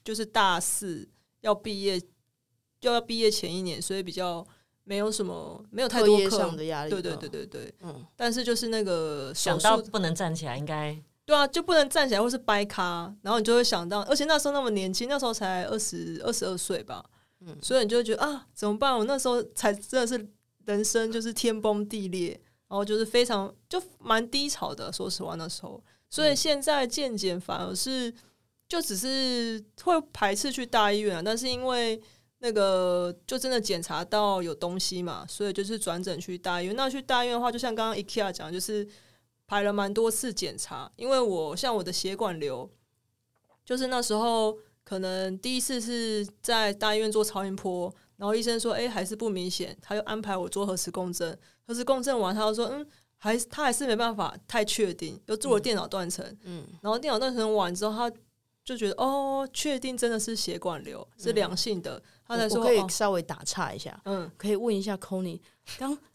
S2: 就是大四要畢業，就要要畢業前一年，所以比較沒有什麼，沒有太多課的壓力。對對對對對。嗯。但是就是那個手術，想到不能站起來應、應該對啊，就不能站起來，或是掰咖，然後你就會想到，而且那時候那麼年輕，那時候才二十二十二歲吧。嗯。所以你就會覺得啊，怎麼辦？我那時候才真的是人生就是天崩地裂，然後就是非常就蠻低潮的。說實話，那時候，所以現在漸漸反而是。嗯就只是會排斥去大醫院，啊，但是因為那個就真的檢查到有東西嘛，所以就是轉診去大醫院。那去大醫院的話，就像剛剛 IKEA 講，就是排了蠻多次檢查。因為我像我的血管瘤，就是那時候可能第一次是在大醫院做超音波，然後醫生說，哎、欸，還是不明顯，他又安排我做核磁共振。核磁共振完，他就說，嗯，還他還是沒辦法太確定，又做了電腦斷層，嗯，然後電腦斷層完之後，他。就覺得哦，確定真的是血管瘤，是良性的。嗯、他才說，我可以
S1: 稍微打岔一下，哦、嗯，可以問一下 c o n y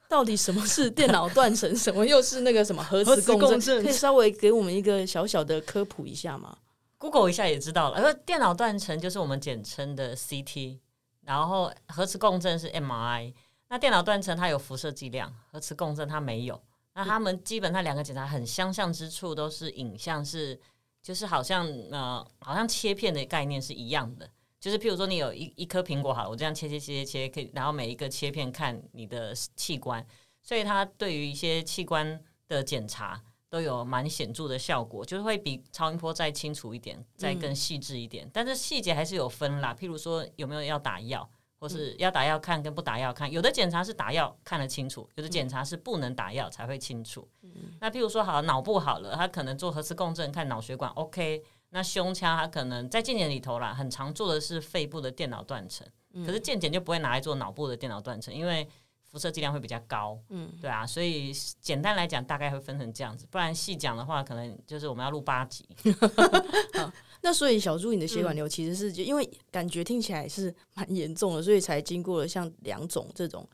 S1: 到底什麼是電腦斷層， 什麼又是那個什麼核磁共振？共振可以稍微給我們一個小小的科普一下嗎
S3: ？Google 一下也知道了。那電腦斷層就是我們簡稱的 CT，然後核磁共振是 MRI。那電腦斷層它有輻射劑量，核磁共振它沒有。那他們基本上兩個檢查很相像之處都是影像是。就是好像呃，好像切片的概念是一樣的，就是譬如說你有一一顆蘋果，好了，我這樣切切切切切，可以，然後每一個切片看你的器官，所以它對於一些器官的檢查都有蠻顯著的效果，就是會比超音波再清楚一點，再更細緻一點，嗯、但是細節還是有分啦，譬如說有沒有要打藥。或是要打藥看跟不打藥看，有的檢查是打藥看得清楚，有的檢查是不能打藥才會清楚。嗯、那譬如說好，好腦部好了，他可能做核磁共振看腦血管 OK。那胸腔他可能在健檢裡頭啦，很常做的是肺部的電腦斷層，嗯、可是健檢就不會拿來做腦部的電腦斷層，因為輻射劑量會比較高。嗯、對啊，所以簡單來講大概會分成這樣子，不然細講的話可能就是我們要錄八集。
S1: 那所以小豬你的血管瘤其實是，就因為感覺聽起來是蠻嚴重的，所以才經過了像兩種這種，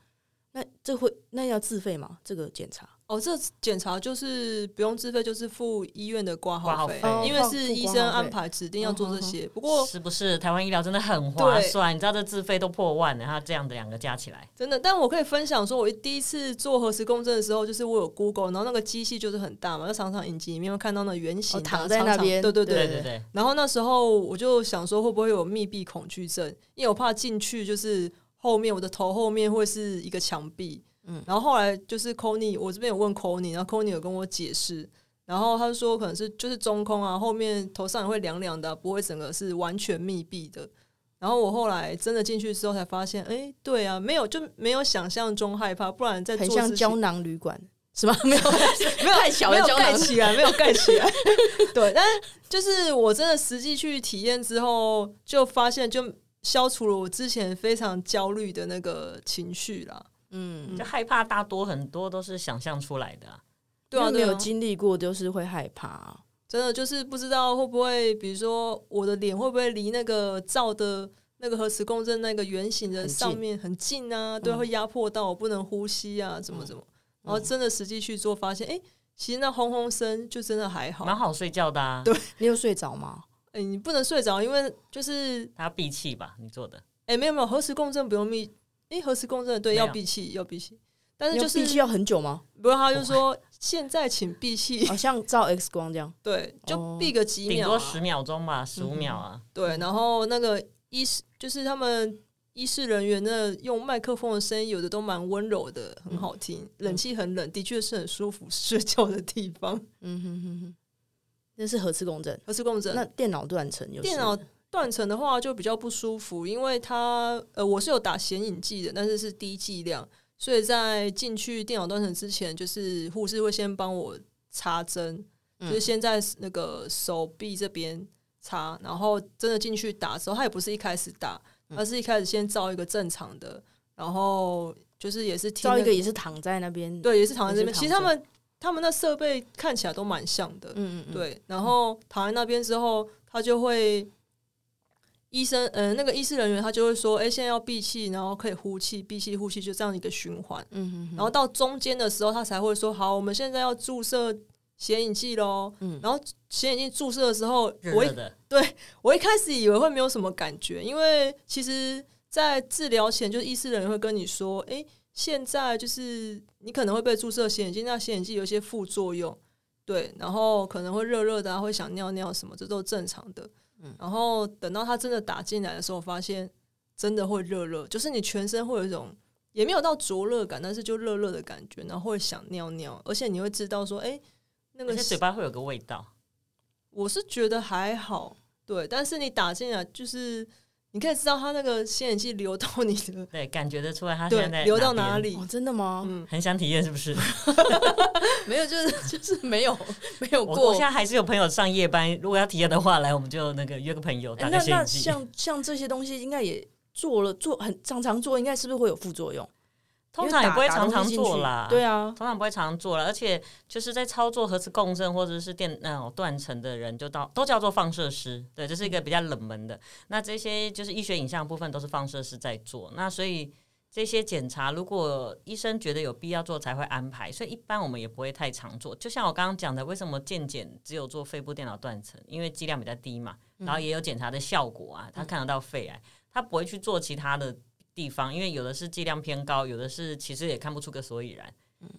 S2: 那這會那要自費嗎？這個檢查。哦，這檢查就是不用自費，就是付醫院的掛號費，因為是醫生安排指定要做這些。哦、不
S1: 過是不是台
S3: 灣醫療真的很划算？對你知道這自費都破萬了，然後這樣的兩個加起來，
S2: 真的。但我可以分享說，我第一次做核磁共振的時候，就是我有 Google，然後那個機器就是很大嘛，就常常影集裡面會看到那圓形常常、哦、躺在那邊，對對對對對。對對對然後那時候我就想說，會不會有密閉恐懼症？因為我怕進去就是後面我的頭後面會是一個牆壁。嗯、然後後來就是 Cone 我這邊有問 Cone 然後 Cone 有跟我解釋，然後他說可能是就是中空啊，後面頭上也會涼涼的，不會整個是完全密閉的。然後我後來真的進去之後才發現，哎，對啊，沒有就沒有想象中害怕，不然在做很像膠囊旅館是吧？沒有 沒有太小，沒有蓋起來，沒有蓋起來。 對，但是就是我真的實際去體驗之後，就發現就消除了我之前非常焦慮的那個情緒了。嗯，就害怕，大多很多都是想象出來的，啊，沒有經歷過，就是會害怕、啊、對啊對啊，真的就是不知道會不會，比如說我的臉會不會離那個照的那個核磁共振那個圓形的上面很近啊？對，會壓迫到我不能呼吸啊？怎麼怎麼？然後真的實際去做，發現哎、欸，其實那轟轟聲就真的還好，蠻好睡覺的。啊。對，你有睡着嗎？哎，你不能睡着，因為就是
S1: 他閉氣吧？你
S2: 做的？哎，沒有沒有，核磁共振不用閉。哎、欸，核磁共振對，有要閉氣，要閉氣，但是就是要，要很久嗎？不過，他就說現在請閉氣，好像照 X 光這樣。對，就閉
S3: 個幾秒、啊，頂多十秒鐘吧，十五秒啊、嗯。
S2: 對，然後那個醫師就是他們醫師人員的用麥克風的聲音，有的都蠻溫柔的，很好聽。冷氣很冷，的確是很舒服睡覺的地方。嗯哼哼哼，那是核磁共振，核磁共振那電腦斷層有電腦。斷層的話就比較不舒服，因為他呃，我是有打顯影劑的，但是是低劑量，所以在進去電腦斷層之前，就是護士會先幫我插針，就是先在那個手臂這邊插，然後真的進去打的時候，他也不是一開始打，他是一開始先照一個正常的，然後就是也是，那個，照一個也是躺在那邊，對，也是躺在，那邊，是躺在這邊。其實他們著他們那設備看起來都蠻像的，嗯，嗯嗯，對。然後躺在那邊之後，他就會。醫生，嗯，那個醫師人員他就會說，哎、欸，現在要閉氣，然後可以呼氣，閉氣呼氣就這樣一個循環。嗯哼哼，然後到中間的時候，他才會說，好，我們現在要注射顯影劑嘍。嗯、然後顯影劑注射的時候，熱熱的我一。對，我一開始以為會沒有什麼感覺，因為其實在治療前，就是醫師人員會跟你說，哎、欸，現在就是你可能會被注射顯影劑，那顯影劑有一些副作用，對，然後可能會熱熱的、啊，會想尿尿什麼，這都正常的。嗯，然後等到它真的打進來的時候，發現真的會熱熱，就是你全身會有一種也沒有到灼熱感，但是就熱熱的感覺，然後會想尿尿，而且你會知道說，誒，
S3: 那個嘴巴會有個味道。
S2: 我是覺得還好，對，但是你打進來就是。你可以知道他那個吸引器，流到你的對，對，感覺得出來他現在在流到哪裡？哦、真的嗎？嗯，很想體驗是不是？沒有，就是就是沒有沒有過。我現在還是有朋友
S3: 上夜班，如果要體驗的話，來我們就那個約個朋友打個吸引劑、欸、那那像
S1: 像這些東西，應該也做了做很常常做，應該是不是會有副作用？通常也不會常常做啦，對
S3: 啊，通常不會常常做了。而且就是在操作核磁共振或者是電腦斷層的人，就到都叫做放射師，對，這、就是一個比較冷門的。嗯、那這些就是醫學影像部分都是放射師在做。那所以這些檢查，如果醫生覺得有必要做才會安排。所以一般我們也不會太常做。就像我剛剛講的，為什麼健檢只有做肺部電腦斷層，因為劑量比較低嘛，嗯、然後也有檢查的效果啊，他看得到肺癌，他、嗯、不會去做其他的地方。因為有的是劑量偏高，有的是其實也看不出個所以然，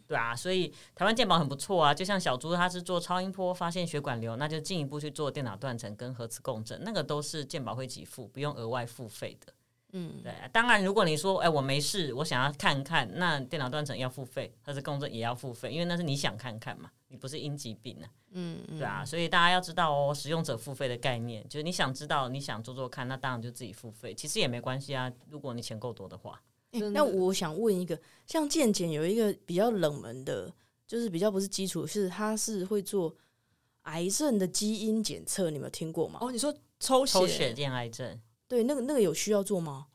S3: 對啊，所以台灣健保很不錯啊。就像小朱他是做超音波發現血管瘤，那就進一步去做電腦斷層跟核磁共振，那個都是健保會給付，不用額外付費的。嗯，對啊，當然如果你說哎、欸、我沒事，我想要看看，那電腦斷層要付費，核磁共振也要付費，因為那是你想看看嘛。不是因疾病呢、啊，嗯，嗯，對啊，所以大家要知道哦，使用者付費的概念，就是你想知道，你想做做看，那當然就自己付費，其實也
S1: 沒關係啊，如果你錢夠多的話的、欸。那我想問一個，像健檢有一個比較冷門的，就是比較不是基礎，就是他是會做癌症的基因檢測，你們有聽過嗎？哦，你說抽血驗、欸、癌症？對，那個那個有需要做嗎？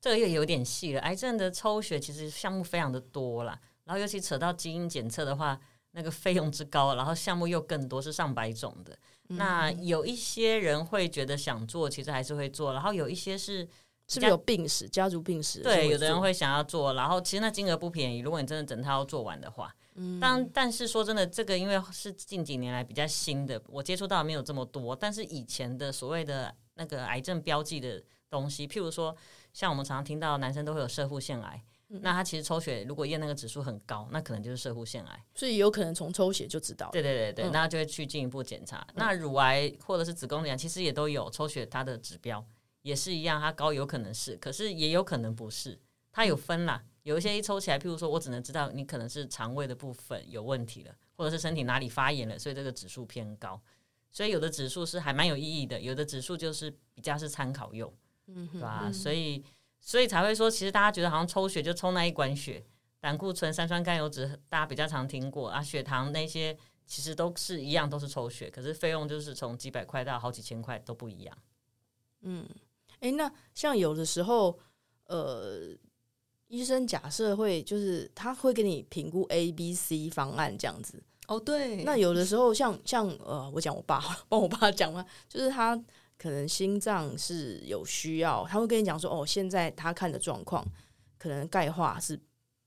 S3: 這個也有點細了，癌症的抽血其實項目非常的多啦，然後尤其扯到基因檢測的話。那個費用之高，然後項目又更多，是上百種的。那有一些人會覺得想做，其實還是會做。然後有一些是比較
S1: 是不是有病史，家族病史？對，有的人會
S3: 想要做。然後其實那金額不便宜，如果你真的整套要做完的話。當但但是說真的，這個因為是近幾年來比較新的，我接觸到沒有這麼多。但是以前的所謂的那個癌症標記的東西，譬如說，像我們常常聽到男生都會有攝護腺癌。那他其實抽血，如果驗那個指數很高，那可能就是攝護腺癌，
S1: 所以有可能從抽血就知道。對對對對，嗯、那
S3: 就會去進一步檢查。那乳癌或者是子宮頸癌，其實也都有抽血，它的指標也是一樣，它高有可能是，可是也有可能不是。它有分啦，有一些一抽起來，比如說我只能知道你可能是腸胃的部分有問題了，或者是身體哪裡發炎了，所以這個指數偏高。所以有的指數是還蠻有意義的，有的指數就是比較是參考用，是、嗯嗯、吧？所以。所以才會說，其實大家覺得好像抽血就抽那一管血，膽固醇、三酸甘油酯大家比較常聽過啊，血糖那些其實都是一樣，都是抽血，可是費用就是從幾百塊到好幾千塊都不一樣。
S1: 嗯，哎、欸，那像有的時候，呃，醫生假設會就是他會給你評估 A、B、C 方案這樣子。哦，對。那有的時候像像呃，我講我爸，幫我爸講話，就是他。可能心臟是有需要，他會跟你講說，哦，現在他看的狀況，可能鈣化是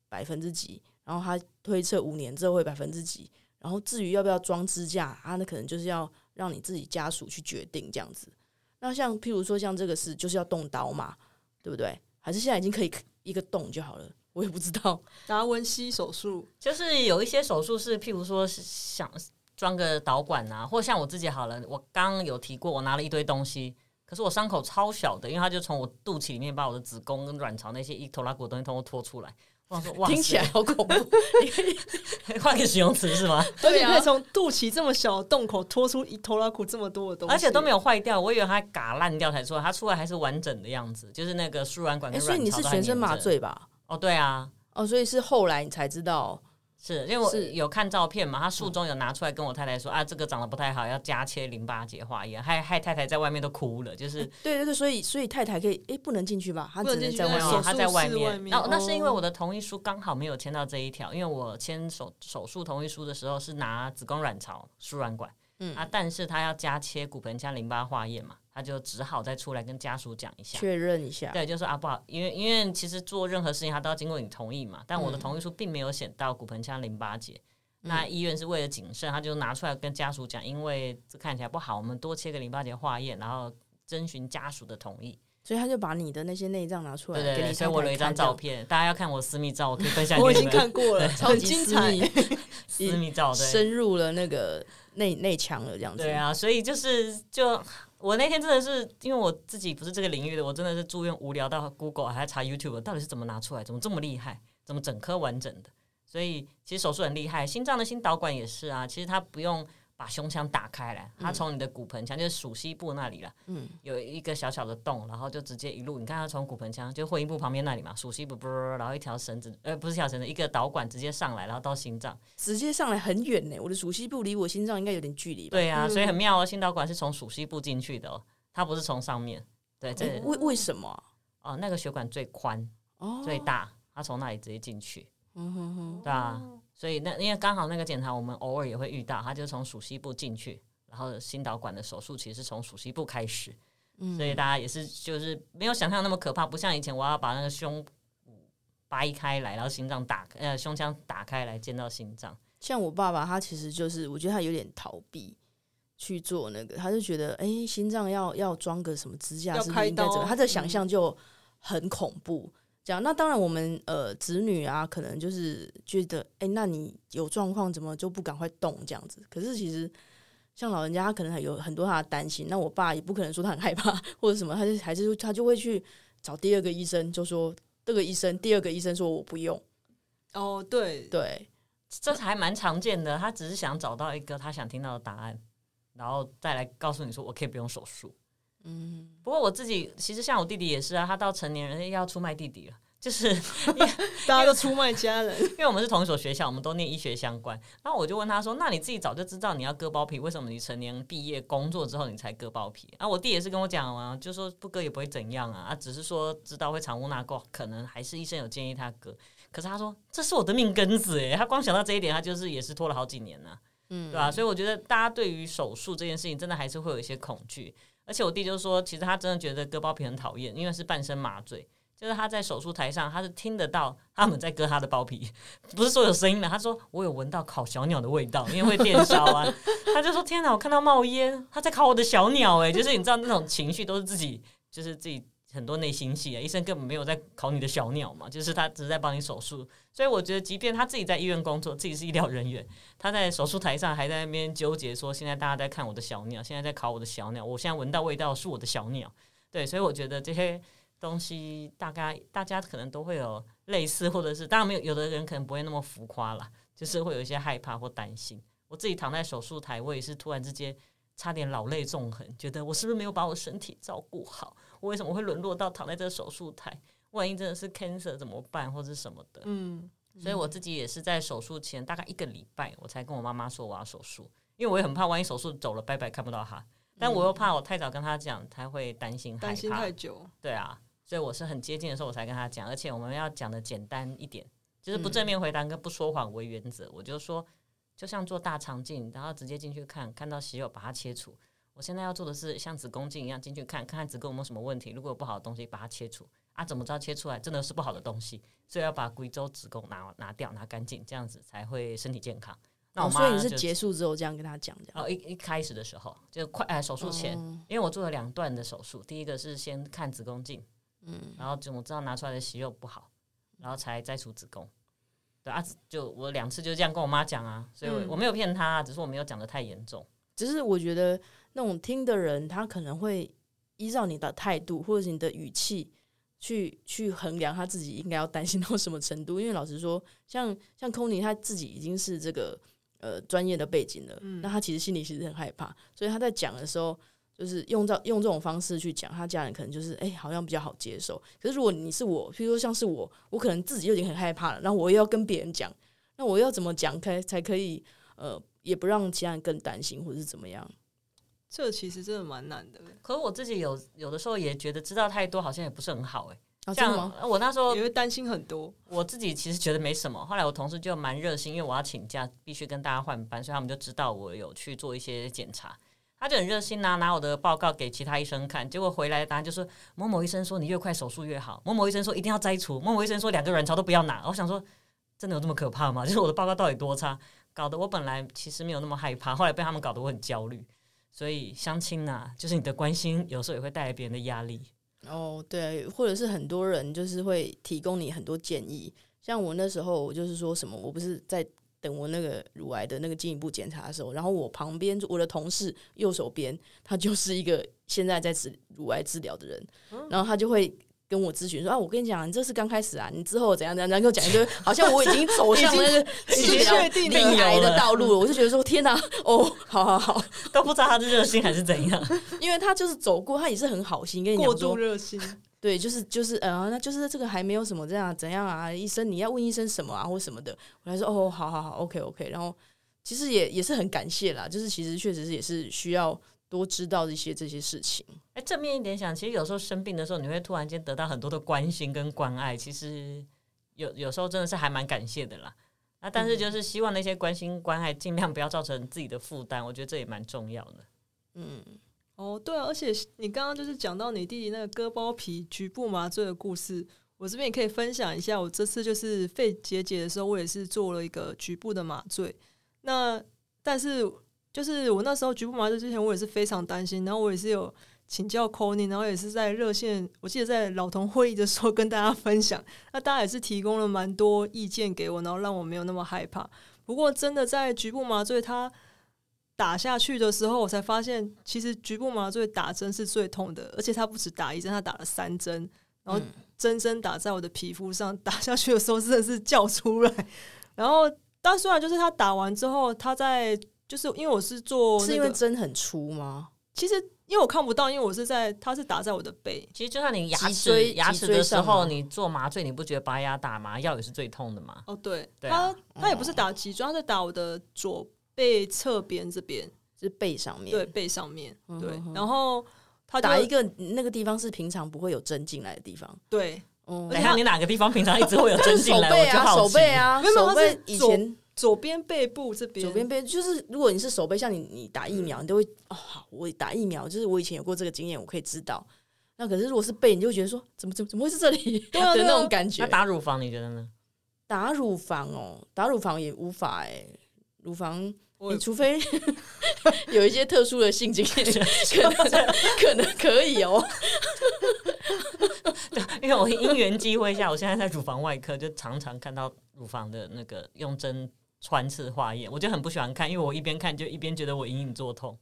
S1: 百分之幾，然後他推測五年之後會百分之幾，然後至於要不要裝支架啊，那可能就是要讓你自己家屬去決定這樣子。那像譬如說像這個是就是要動刀嘛，對不對？還是現在已經可以一個動就好了？我也不知道。
S2: 達文西手術就是
S3: 有一些手術是譬如說是想。裝個導管啊，或者像我自己好了，我剛剛有提過，我拿了一堆東西，可是我傷口超小的，因為他就從我肚臍裡面把我的子宮跟卵巢那些一坨拉庫東西通通拖出來。我想
S2: 說哇，聽起來好
S3: 恐怖！你可以換 個形容詞是嗎？ 對，可以
S2: 從肚臍這麼小的洞口拖出一坨拉庫這麼多的東西，而且
S3: 都沒有壞掉，我以為它嘎爛掉才出來，它出來還是完整的樣子，就是那個輸卵管跟卵巢、欸。所以你是全身麻醉
S1: 吧？哦，對啊，哦，所以是後來你才知道。
S3: 是，因為我有看照片嘛，是他術中有拿出來跟我太太說，嗯、啊，這個長得不太好，要加切淋巴結化驗，害害太太在外面都哭了。就是
S1: 對對對，所以所以太太可以哎，不能進去吧？他只能在外面，他有在外面。那，哦啊、那是因為
S3: 我的同意書剛好沒有簽到這一條，因為我簽手手術同意書的時候是拿子宮卵巢輸卵管。啊！但是他要加切骨盆腔淋巴化驗嘛，他就只好再出來跟家屬講一下，確認一下，對，就是啊不好，因為因為其實做任何事情他都要經過你同意嘛，但我的同意書並沒有寫到骨盆腔淋巴結，嗯，那醫院是為了謹慎，他就拿出來跟家屬講，因為這看起來不好，我們多切個淋巴結化驗，然後徵詢家屬的同意。
S1: 所以他就把你的那些內臟拿出來。對，對，對，給你太太看。所以我有一張照
S3: 片，大家要看我私密照， 我可以分享給你。我已經看過了，對超精彩， 私密照對，深
S1: 入了那個內內牆了，這樣子。對啊，
S3: 所以就是就我那天真的是因為我自己不是這個領域的，我真的是住院無聊到 Google，還查 YouTube，到底是怎麼拿出來，怎麼這麼厲害，怎麼整顆完整的？所以其實手術很厲害，心臟的心導管也是啊，其實他不用。把胸腔打開來，它從你的骨盆腔，嗯、就是鼠蹊部那裡了，嗯、有一個小小的洞，然後就直接一路，你看它從骨盆腔就會陰部旁邊那裡嘛，鼠蹊部啵，然後一條繩子，呃，不是一條繩子，一個導管直接上來，然後到心臟，
S1: 直接上來很遠呢、欸。我的鼠蹊部離我心臟應該有點距離吧？對啊，所以很
S3: 妙哦，心導管是從鼠蹊部進去的、哦，它不是從上面，對，這、欸、為為什麼哦，那個血管最寬哦，最大，它從那裡直接進去。嗯哼哼，對啊吧，哦、所以那因為剛好那個檢查，我們偶爾也會遇到，他就從鼠蹊部進去，然後心導管的手術其實是從鼠蹊部開始，嗯、哼所以大家也是就是沒有想象那麼可怕，不像以前我要把那個胸骨掰開來，然後心臟打呃，胸腔打開來見到心臟。
S1: 像我爸爸，他其實就是我覺得他有點逃避去做那個，他就覺得誒、欸，心臟要要裝個什麼支架是是，要開刀，他的想象就很恐怖。嗯講那當然，我們呃子女啊，可能就是覺得，哎、欸，那你有狀況，怎麼就不趕快動這樣子？可是其實像老人家，他可能有很多他的擔心。那我爸也不可能說他很害怕或者什麼，他就還是他就會去找第二個醫生，就說這個醫生，第二個醫生說我不用。
S2: 哦，對
S3: 對，這還蠻常見的。他只是想找到一個他想聽到的答案，然後再來告訴你說，我可以不用手術。嗯，不過我自己其實像我弟弟也是啊，他到成年人要出賣弟弟了，就是 大家都出賣家人， 因為我們是同一所學校，我們都念醫學相關。然後我就問他說：“那你自己早就知道你要割包皮，為什麼你成年畢業工作之後你才割包皮？”啊，我弟也是跟我講啊，就說不割也不會怎樣啊，啊，只是說知道會藏污納垢，可能還是醫生有建議他割。可是他說：“這是我的命根子！”誒，他光想到這一點，他就是也是拖了好幾年呢、啊。嗯，對吧、啊？所以我覺得大家對於手術這件事情，真的還是會有一些恐懼。而且我弟就說，其實他真的覺得割包皮很討厭，因為是半身麻醉，就是他在手術台上，他是聽得到他們在割他的包皮，不是說有聲音的。他說我有聞到烤小鳥的味道，因為會電燒啊。 他就說天哪，我看到冒煙，他在烤我的小鳥誒、欸，就是你知道那種情緒都是自己，就是自己。很多內心戲啊！醫生根本沒有在烤你的小鳥嘛，就是他只是在幫你手術。所以我覺得，即便他自己在醫院工作，自己是醫療人員，他在手術台上還在那邊糾結說：“現在大家在看我的小鳥，現在在烤我的小鳥，我現在聞到味道是我的小鳥。”對，所以我覺得這些東西大概大家可能都會有類似，或者是當然沒有，有的人可能不會那麼浮誇啦，就是會有一些害怕或擔心。我自己躺在手術台，我也是突然之間。差點老淚縱橫，覺得我是不是沒有把我身體照顧好？我為什麼會淪落到躺在這個手術台？萬一真的是 cancer 怎麼辦，或者什麼的？嗯
S2: 嗯，所以我自
S3: 己也是在手術前大概一個禮拜，我才跟我媽媽說我要手術，因為我也很怕萬一手術走了拜拜看不到他，但我又怕我太早跟他講他會擔心害怕，擔心太久。對啊，所以我是很接近的時候我才跟他講，而且我們要講的簡單一點，就是不正面回答跟不說謊為原則。嗯，我就說。就像做大腸鏡，然後直接進去看，看到息肉把它切除。我現在要做的是像子宮鏡一樣進去看看，看，看子宮有沒有什麼問題，如果有不好的東西把它切除啊，怎麼知道切出來真的是不好的東西，所以要把硅膠子宮拿拿掉拿乾淨，這樣子才會身體健康。那我、哦、所以你是結
S1: 束之後這樣跟他講，的哦，一一開始的時
S3: 候就快、哎、手術前，嗯、因為我做了兩段的手術，第一個是先看子宮鏡，嗯，然後怎麼知道拿出來的息肉不好，然後才摘除子宮。對啊，就我兩次就這樣跟我媽講啊，所以我，嗯，我沒有騙她啊，只是我沒有講得太嚴重。
S1: 只是我覺得那種聽的人，他可能會依照你的態度或者你的語氣去去衡量他自己應該要擔心到什麼程度。因為老實說，像像空尼他自己已經是這個呃專業的背景了，嗯，那他其實心裡其實很害怕，所以他在講的時候。就是用到用這種方式去講，他家人可能就是哎、欸，好像比較好接受。可是如果你是我，譬如說像是我，我可能自己就已經很害怕了，然後我又要跟別人講，那我要怎麼講開才可以？呃，也不讓其他人更擔心，或者是怎麼樣？
S2: 這其實真的蠻難的。
S3: 可是我自己有有的時候也覺得知道太多好像也不是很好誒。這樣嗎、啊？像我那時候也會擔心很多。我自己其實覺得沒什麼。後來我同事就蠻熱心，因為我要請假，必須跟大家換班，所以他們就知道我有去做一些檢查。他就很熱心吶、啊，拿我的報告給其他醫生看，結果回來的答案就是：某某醫生說你越快手術越好，某某醫生說一定要摘除，某某醫生說兩個卵巢都不要拿。我想說，真的有這麼可怕嗎？就是我的報告到底多差，搞得我本來其實沒有那麼害怕，後來被他們搞得我很焦慮。所以鄉親吶，就是你的關心有時候也會帶來別人的壓力。
S1: 哦，oh, 對、啊，或者是很多人就是會提供你很多建議，像我那時候，我就是說什麼，我不是在。等我那個乳癌的那個進一步檢查的時候，然後我旁邊我的同事右手邊，他就是一個現在在治乳癌治療的人，嗯、然後他就會跟我諮詢說：“啊，我跟你講，你這是剛開始啊，你之後怎樣怎樣，然後講一句，好像我已經走向那個確定病癌的道路了。嗯”我就覺得說：“天哪、啊，哦，好好好，都不知道他是熱心還是怎樣，因為他就是走過，他也是很好心跟你講說、過度熱心。”對，就是就是，呃，那就是這個還沒有什麼這樣怎樣啊？醫生，你要問醫生什麼啊，或什麼的？我來說，哦，好好好，OK OK。然後其實也也是很感謝啦，就是其實確實是也是需要多知道一些這些事情。
S3: 哎，正面一點想，其實有時候生病的時候，你會突然間得到很多的關心跟關愛，其實有有時候真的是還蠻感謝的啦。那、啊、但是就是希望那些關心關愛儘量不要造成自己的負擔，我覺得這也蠻重要的。嗯。
S2: 哦，對啊，而且你剛剛就是講到你弟弟那個割包皮局部麻醉的故事，我這邊也可以分享一下。我這次就是肺結節的時候，我也是做了一個局部的麻醉。那但是就是我那時候局部麻醉之前，我也是非常擔心。然後我也是有請教 Kony，然後也是在熱線，我記得在老同會議的時候跟大家分享。那大家也是提供了蠻多意見給我，然後讓我沒有那麼害怕。不過真的在局部麻醉它，打下去的時候，我才發現其實局部麻醉打針是最痛的，而且他不止打一針，他打了三針，然後針針打在我的皮膚上，打下去的時候真的是叫出來。然後，但雖然啊，就是他打完之後，他在就是因為我是做，那個，是因為針
S1: 很粗嗎？
S2: 其實因為我看不到，因為我是在他是打在我的背。其實就像你牙齒椎牙齒的時候，你
S3: 做麻醉，你不覺得拔牙打麻藥也是最痛的嗎？哦，
S2: 對，他他，啊，也不是打脊椎，他是打我的左。背側邊這邊是背上面，對背上面，對。然後他打一個
S1: 那個地方是平常不會有針進來的地方，
S2: 對。你看你哪
S1: 個地方平常一直會有針進來，我就好奇。手背啊，沒有，他是以前左邊背部這邊，左邊背。就是如果你是手背，像你你打疫苗，你都會哦，我打疫苗，就是我以前有過這個經驗，我可以知道。那可是如果是背，你就會覺得說怎麼怎麼怎麼會是這裡？對，那種感覺。那打乳房你覺得呢？打乳房哦，打乳房也無法哎。乳房，我你除非 有一些特殊的性經驗，可能可以哦。因
S3: 為我因緣機會下，我現在在乳房外科，就常常看到乳房的那個用針穿刺化驗，我就很不喜歡看，因為我一邊看就一邊覺得我隱隱作痛。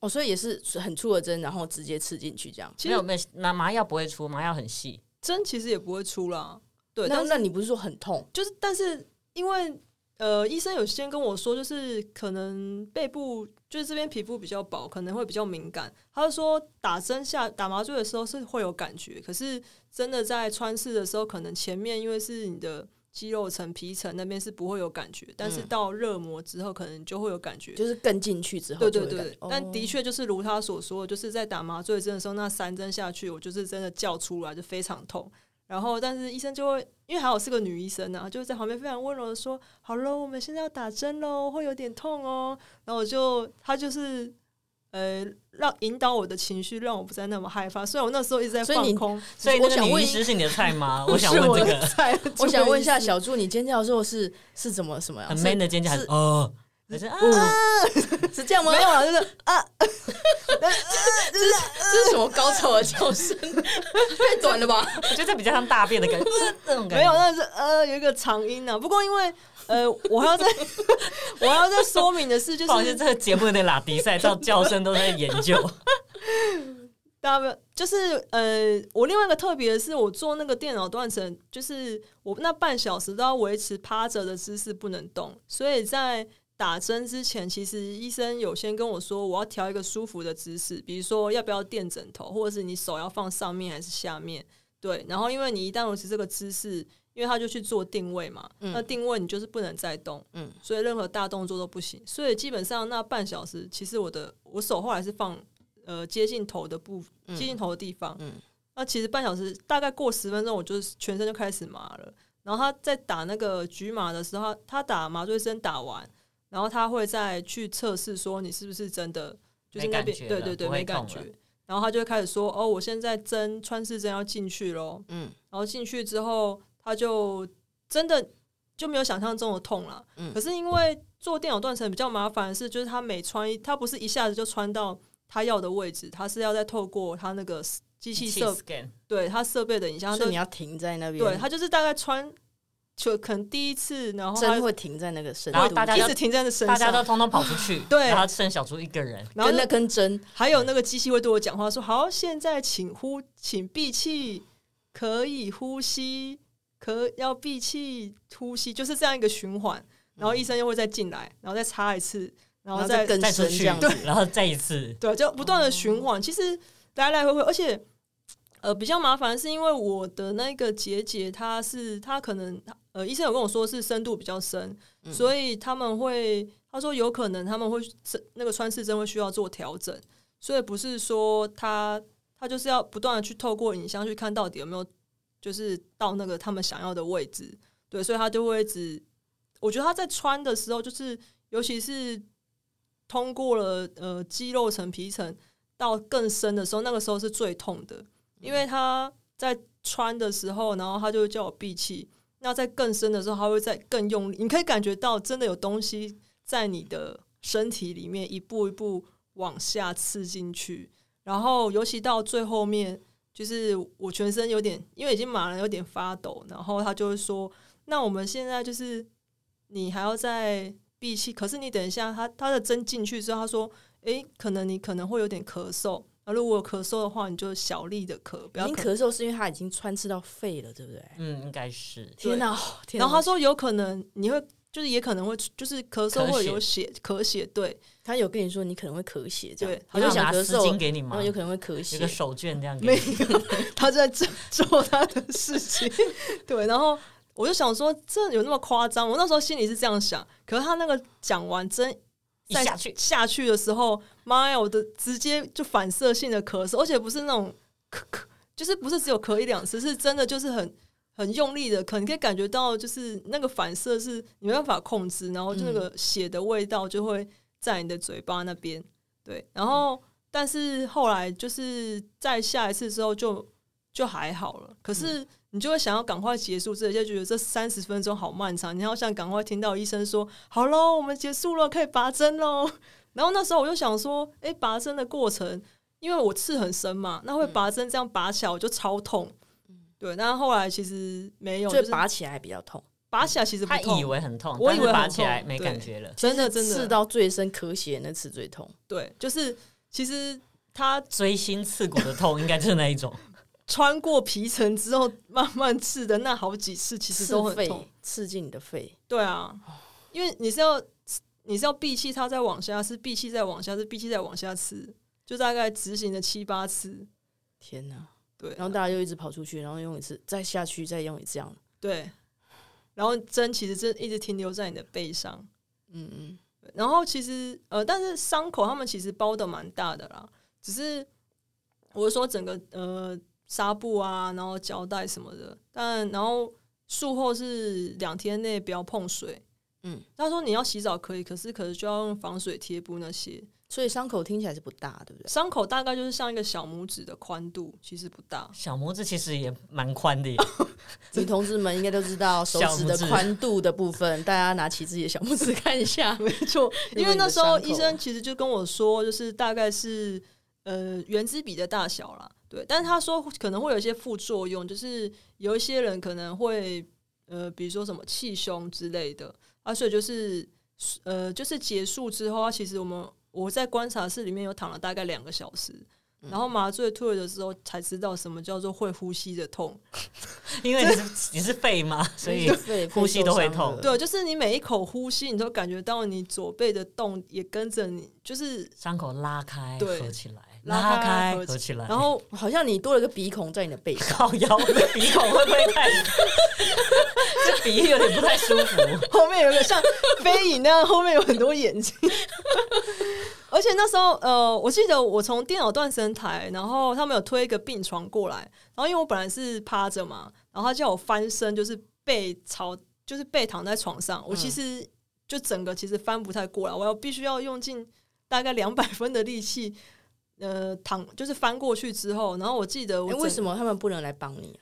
S1: 哦，所以也是很粗的針，然後直接刺進去這樣。沒有沒有，拿麻藥不會粗，麻藥很細，
S2: 針其實也不會粗啦。對，那那你不
S1: 是說很痛？
S2: 就是，但是因為。呃，醫生有先跟我說，就是可能背部就是這邊皮膚比較薄，可能會比較敏感。他就說打針下打麻醉的時候是會有感覺，可是真的在穿刺的時候，可能前面因為是你的肌肉層、皮層那邊是不會有感覺，但是到熱膜之後，可能就會有感覺，就
S1: 是更進去之後。對對對，但
S2: 的確就是如他所說，就是在打麻醉針的時候，那三針下去，我就是真的叫出來就非常痛。然後，但是醫生就會。因為還好是個女醫生呢、啊，就在旁邊非常溫柔的說：“好了，我們現在要打針了，會有點痛哦、喔。”然後我就，她就是，呃，讓引導我的情緒，讓我不再那麼害怕。所以我那時候一直在放空。所以我想問，你，生
S1: 其實 是你的菜嗎？以我想問這個你菜。
S2: 我，菜我想問一下小
S1: 助，你尖叫的時候是是怎麼什麼呀？很 man 的尖叫還是？是哦我啊，嗯、啊是這樣嗎？沒有啊，就是啊，這是這是什麼高潮的叫聲？太 短了吧？我覺得這比較像大便的感覺，
S2: 感覺沒有，那是呃有一個長音啊。不過因為呃，我還要再
S3: 我還要再說明的是，就是不好意思這個節目有點拉迪賽到叫聲都在研究。
S2: 大家就是呃，我另外一個特別的是，我做那個電腦斷層，就是我那半小時都要維持趴着的姿勢不能動，所以在。打針之前，其實醫生有先跟我說，我要調一個舒服的姿勢，比如說要不要墊枕頭，或者是你手要放上面還是下面？對，然後因為你一旦維持這個姿勢，因為他就去做定位嘛，嗯、那定位你就是不能再動，嗯，所以任何大動作都不行。所以基本上那半小時，其實我的我手後來是放呃接近頭的部分，接近頭的地方，嗯嗯、那其實半小時大概過十分鐘，我就全身就開始麻了。然後他在打那個局麻的時候，他打麻醉針打完。然後他會再去測試說你是不是真的就是那邊對對對不會沒感覺，了，然後他就開始說哦，我現在針穿刺針要進去咯。嗯，然後進去之後他就真的就沒有想象中的痛了，嗯，可是因為做電腦斷層比較麻煩是就是他每穿一他不是一下子就穿到他要的位置，他是要再透過他那個機器設，scan 對他設備的影像，他就所以你要停在那邊，對，他就是大概穿。就可能第一次，然後就會一停在那個
S1: 身上，
S3: 然後大家一直停在那個身上，大家都通通跑出去， 對，它剩小豬一個人，
S2: 然後那根針，還有那個機器會對我講話說：“對好，現在請呼，請閉氣，可以呼吸，可要閉氣呼吸，就是這樣一個循環。”然後醫生又會再進來，然後再插一次，然後再再出去，這
S3: 樣子，然後再一次，
S2: 對，就不斷的循環。哦、其實來來回回，而且。呃，比較麻煩是因為我的那個結節，它是它可能，呃，醫生有跟我說是深度比較深，嗯，所以他們會他說有可能他們會那個穿刺針會需要做調整，所以不是說他他就是要不斷的去透過影像去看到底有沒有就是到那個他們想要的位置，對，所以他就會只我覺得他在穿的時候，就是尤其是通過了呃肌肉層皮層到更深的時候，那個時候是最痛的。因為他在穿的時候，然後他就叫我閉氣。那在更深的時候，他會再更用力。你可以感覺到，真的有東西在你的身體裡面一步一步往下刺進去。然後，尤其到最後面，就是我全身有點，因為已經麻了，有點發抖。然後他就會說：“那我們現在就是你還要再閉氣。可是你等一下，他他的針進去之後，他說：‘誒，可能你可能會有點咳嗽。’”啊，如果有咳嗽的話，你就小力的咳，不要。你咳嗽是因為他已經穿刺到肺了，對不對？嗯，應該是對天、喔。天哪，然後他說有可能你會就是也可能會就是咳嗽會有血咳血、血，對，他有跟你說你可能會咳血這樣，對，他就想咳嗽拿濕巾給你嗎，然後有可能會咳血，個手
S3: 絹這樣給你。沒有，
S2: 他在做他的事情。 對，然後我就想說這有那麼誇張，我那時候心裡是這樣想。可是他那個講完真。再下去下去的時候，媽呀！我的直接就反射性的咳嗽，而且不是那種咳咳，就是不是只有咳一兩次，是真的就是很很用力的咳，你可以感覺到就是那個反射是你沒辦法控制，然後就那個血的味道就會在你的嘴巴那邊。對，然後但是後來就是再下一次之後就就還好了，可是。你就會想要趕快結束，這些就覺得這三十分鐘好漫長。你好像趕快聽到醫生說：“好咯，我們結束了，可以拔針咯。”然後那時候我就想說：“哎、欸，拔針的過程，因為我刺很深嘛，那會拔針這樣拔起來，我就超痛。嗯”對，但後來其實沒有，就是、拔起來比較痛。拔起來其實他以為很痛，我以為拔起來沒感覺了。真的，刺
S1: 到最深，咳血那次最痛。
S2: 對，就是其實他錐心 刺骨的痛，應該就是那一種。 穿過皮層之後，慢慢刺的那好幾次，其實都會
S1: 刺進你的肺。
S2: 對啊，因為你是要你是要閉氣，它，再往下是閉氣，再往下是閉氣，再往下刺，就大概執行了七八次。
S1: 天吶，對
S2: 啊。然後大家就一直跑出去，然後用
S1: 一次，再下去，再用一次，這樣。
S2: 對。然後針其實針一直停留在你的背上，嗯嗯。然後其實呃，但是傷口他們其實包得蠻大的啦，只是我是說整個呃。紗布啊，然後膠帶什麼的，但然後術後是兩天內不要碰水。嗯，他說你要洗澡可以，可是可是就要用防水貼布那些，所以傷口聽起來是不大，對不對？傷口大概就是像一個小拇指的寬度，其實不大。
S3: 小拇指其實也蠻寬的耶，
S1: 女 同志們應該都知道手指的寬度的部分，拇 大家拿起自己的小
S2: 拇指看一下，沒錯。是是因為那時候醫生其實就跟我說，就是大概是。呃，原子筆的大小啦，對，但是他說可能會有一些副作用，就是有一些人可能會呃，比如說什麼氣胸之類的。啊，所以就是呃，就是結束之後，其實我們我在觀察室裡面有躺了大概兩個小時，嗯、然後麻醉退的時候才知道什麼叫做會呼吸的痛， 因為你是
S3: 對 你是肺嘛，所以呼吸都會痛。 對，
S2: 就是你每一口呼吸，你都感覺到你左背的洞也跟着你，就是傷口拉開合對起來。拉開，合起來。合起來，然後好像你多了個鼻孔在你的背上 靠，我的鼻孔，會不會太？ 這鼻有點不太舒服。後面有沒有像飛影那樣，後面有很多眼睛？ 而且那時候，呃，我記得我從電腦斷層台，然後他們有推一個病床過來，然後因為我本來是趴着嘛，然後他叫我翻身，就是背朝，就是背躺在床上。我其實就整個其實翻不太過來，我要必須要用盡大概兩百分的力氣。呃，躺就是翻過去之後，然後我記得我、欸、為什麼他們不能來幫你、啊？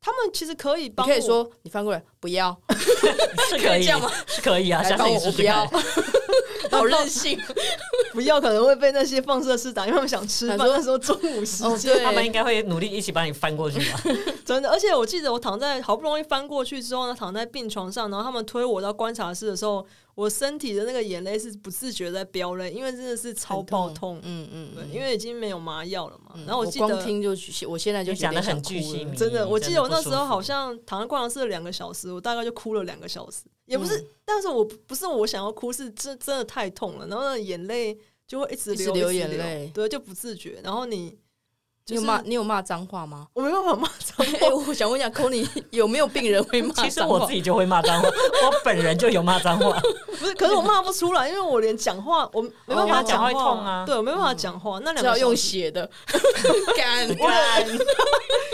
S2: 他們其實可以幫，你可以說你翻過來不要
S1: 是可以嗎？ 是可以
S3: 啊，然後我不要，
S2: 好任性，不要可能會被那些放射師打，因為他們想吃飯，他們說中午時間，哦、他們應該會努力一起把你翻過去吧？ 真的，而且我記得我躺在好不容易翻過去之後呢，躺在病床上，然後他們推我到觀察室的時候。我身體的那個眼淚是不自覺的在飆淚，因為真的是超爆痛，嗯痛對嗯，嗯對因為已經沒有麻藥了嘛。嗯、然後我記得我光聽就，我現在就講的很哭了，哭了真的。真的我記得我那時候好像躺在灌腸室兩個小時，我大概就哭了兩個小時，也不是，但是、嗯、我不是我想要哭，是真的真的太痛了，然後那眼淚就會一直流，直流眼淚，對，就不自覺，然後你。你有罵你有罵髒話嗎？我沒辦法罵髒話。我想問一下
S1: Cony 有沒有病人會
S2: 罵？其
S3: 實我自己就會罵髒話，我本人就有罵髒話。
S2: 不是，可是我罵不出來，因為我連講話，我沒辦法講話。痛啊！對，我沒辦法講話。那兩個只要用寫的，
S1: 幹幹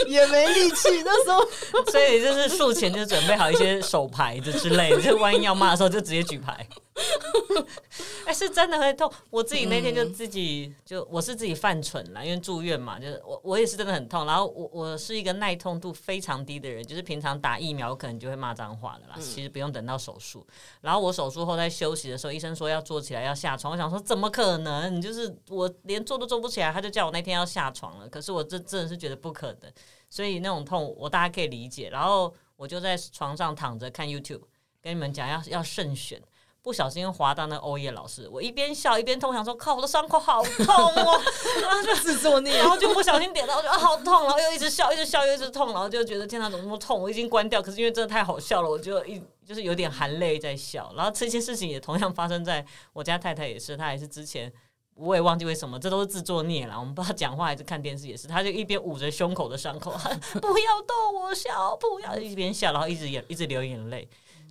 S2: 也沒力氣。那
S3: 時候，所以就是術前就準備好一些手牌子之類的，就萬一要罵的時候就直接舉牌。哎、 欸，是真的很痛。我自己那天就自己、嗯、就我是自己犯蠢啦，因為住院嘛，就是我我也是真的很痛。然後我我是一個耐痛度非常低的人，就是平常打疫苗可能就會罵髒話了啦。嗯、其實不用等到手術。然後我手術後在休息的時候，醫生說要坐起來要下床，我想說怎麼可能？你就是我連坐都坐不起來，他就叫我那天要下床了。可是我真真的是覺得不可能，所以那種痛我大家可以理解。然後我就在床上躺着看 YouTube，跟你們講要要慎選。不小心滑到那歐耶老師，我一邊笑一邊痛，想說靠，我的傷口好痛哦， 然後
S2: 就自作孽，然後就不小心點到，我覺得啊好痛，然後又一直
S3: 笑，一直笑，又一直痛，然後就覺得天吶，怎麼那麼痛，我已經關掉，可是因為真的太好笑了，我就一就是有點含淚在笑。然後這些事情也同樣發生在我家太太也是，她也是之前我也忘記為什麼，這都是自作孽了。我們不知道講話還是看電視也是，她就一邊捂着胸口的傷口，不要逗我笑，不要 一邊笑，然後一直眼一直流眼淚。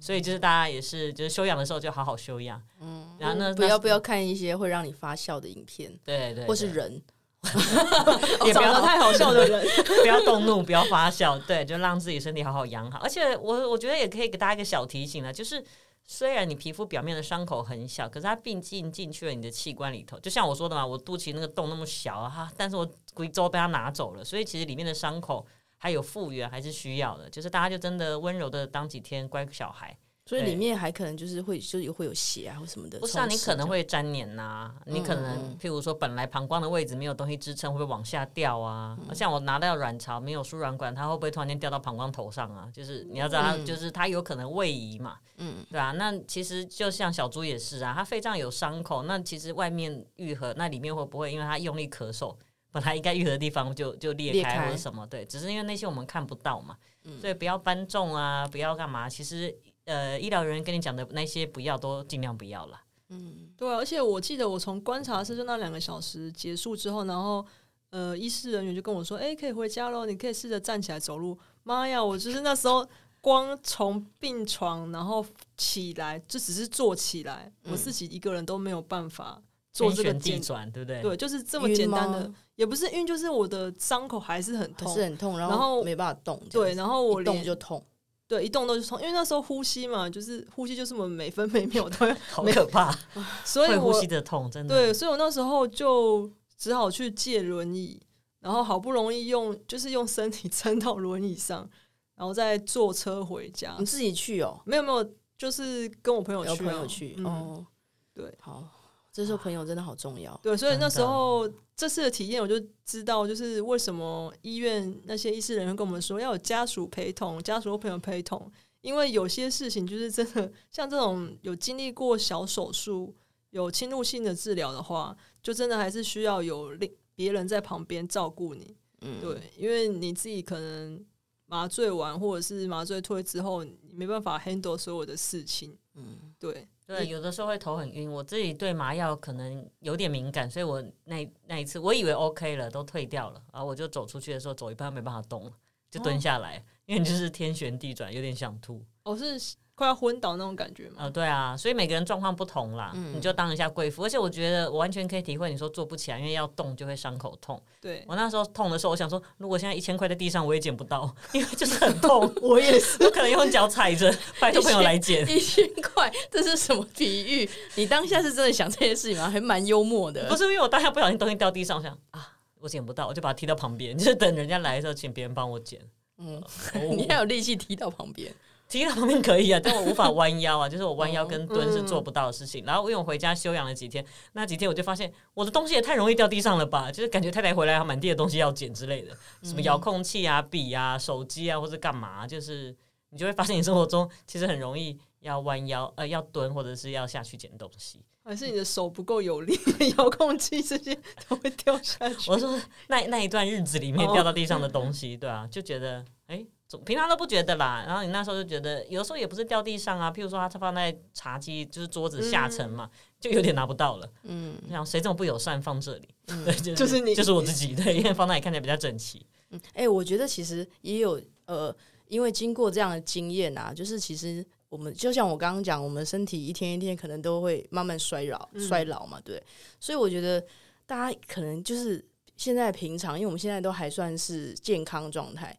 S3: 所以就是大家也是，就是休養的時候就好好休養。嗯，然後呢、嗯，不要不
S1: 要看一些會讓你發笑的影片，對對，對，或是人，對對對 也不要太好笑
S3: 的人，不要動怒，不要發笑，對，就讓自己身體好好養好。而且我我覺得也可以給大家一個小提醒啦、啊，就是雖然你皮膚表面的傷口很小，可是它畢竟進去了你的器官裡頭，就像我說的嘛，我肚臍那個洞那麼小啊，但是我骨肉被它拿走了，所以其實裡面的傷口。還有復原還是需要的，就是大家就真的溫柔的當幾天乖小孩，
S1: 所以裡面還可能就是會就是會有血啊或什麼的。不是、啊、你可能
S3: 會粘黏吶、啊，嗯嗯你可能譬如說本來膀胱的位置沒有東西支撐，會不會往下掉啊？嗯、像我拿到卵巢沒有輸卵管，它會不會突然間掉到膀胱頭上啊？就是你要知道，就是它有可能位移嘛，嗯，對吧、啊？那其實就像小豬也是啊，它肺臟有傷口，那其實外面癒合，那裡面會不會因為它用力咳嗽？本來應該癒合的地方就就裂開或者什麼，裂開。對，只是因為那些我們看不到嘛，嗯，所以不要搬重啊，不要幹嘛。其實呃，醫療人員跟你講的那些不要都儘量不要了。
S2: 嗯，對啊，而且我記得我從觀察室就那兩個小時結束之後，然後呃，醫師人員就跟我說，哎，欸，可以回家了，你可以試着站起來走路。媽呀，我就是那時候光從病床然後起來，就只是坐起來，我自己一個人都沒有辦法。嗯做這個痙攣，對不對？對，就是這麼簡單的，也不是暈，就是我的傷口還是很痛，是很痛，然後沒辦法動。對，然後我動就痛，對，一動都就痛。因為那時候呼吸嘛，就是呼吸就是我們每分每秒都好可怕，所以呼吸的痛真的。對，所以我那時候就只好去借輪椅，然後好不容易用，就是用身體撐到輪椅上，然後再坐車回家。你自己去哦？沒有沒有，就是跟我朋友去。有朋友去哦。對，好。這時候朋友真的好重要。啊、對，所以那時候等等這次的體驗，我就知道，就是為什麼醫院那些醫事人員跟我們說要有家屬陪同，家屬和朋友陪同，因為有些事情就是真的，像這種有經歷過小手術、有侵入性的治療的話，就真的還是需要有另別人在旁邊照顧你。嗯、對，因為你自己可能麻醉完或者是麻醉退之後，你沒辦法 handle 所有的事情。嗯，對。
S3: 對，有的時候會頭很暈。我自己對麻藥可能有點敏感，所以我那那一次我以為 OK 了，都退掉了，然後我就走出去的時候走一半沒辦法動了，就蹲下來，哦、因為就是天旋地轉，有點想吐。
S2: 我、哦、是。快要昏倒那種感覺
S3: 嘛。啊、呃，對啊，所以每個人狀況不同啦，嗯、你就當一下貴婦，而且我覺得我完全可以體會，你說坐不起來、啊，因為要動就會傷口痛。對，我那時候痛的時候，我想說，如果現在一千塊在地上，我也撿不到，因為就是很痛。 我也是，可能用腳踩着，拜托朋友來撿一
S1: 千塊，這是什麼比喻？ 你當下是真的想這些事情嗎？還蠻幽默的。不是，因為我當下不小心東西掉地
S3: 上，想啊，我撿不到，我就把它踢到旁邊，就等人家來的時候請，請別人幫我撿。嗯，
S1: 你要有力氣踢到旁邊。
S3: 踢到旁邊可以啊，但我無法彎腰啊， 就是我彎腰跟蹲是做不到的事情。哦、嗯、然後因為我回家休養了幾天，那幾天我就發現我的東西也太容易掉地上了吧，就是感覺太太回來，滿地的東西要撿之類的，什麼遙控器啊、筆啊、手機啊，或者幹嘛，就是你就會發現你生活中其實很容易要彎腰、呃要蹲或者是要下去撿東西，
S2: 還是你的手不夠有力， 遙控器這些都
S3: 會掉下去。我說那那一段日子裡面掉到地上的東西，哦、 對啊，就覺得哎。欸平常都不覺得啦，然後你那時候就覺得，有時候也不是掉地上啊，譬如說它放在茶幾，就是桌子下層嘛，嗯、就有點拿不到了。嗯，然後誰這麼不友善放這裡？嗯、對，就是，就是你，就是我自己。對，因為放那裡看起來比較整齊。嗯，哎、
S1: 欸，我覺得其實也有呃，因為經過這樣的經驗啊，就是其實我們就像我剛剛講，我們身體一天一天可能都會慢慢衰老，嗯、衰老嘛，對。所以我覺得大家可能就是現在平常，因為我們現在都還算是健康狀態。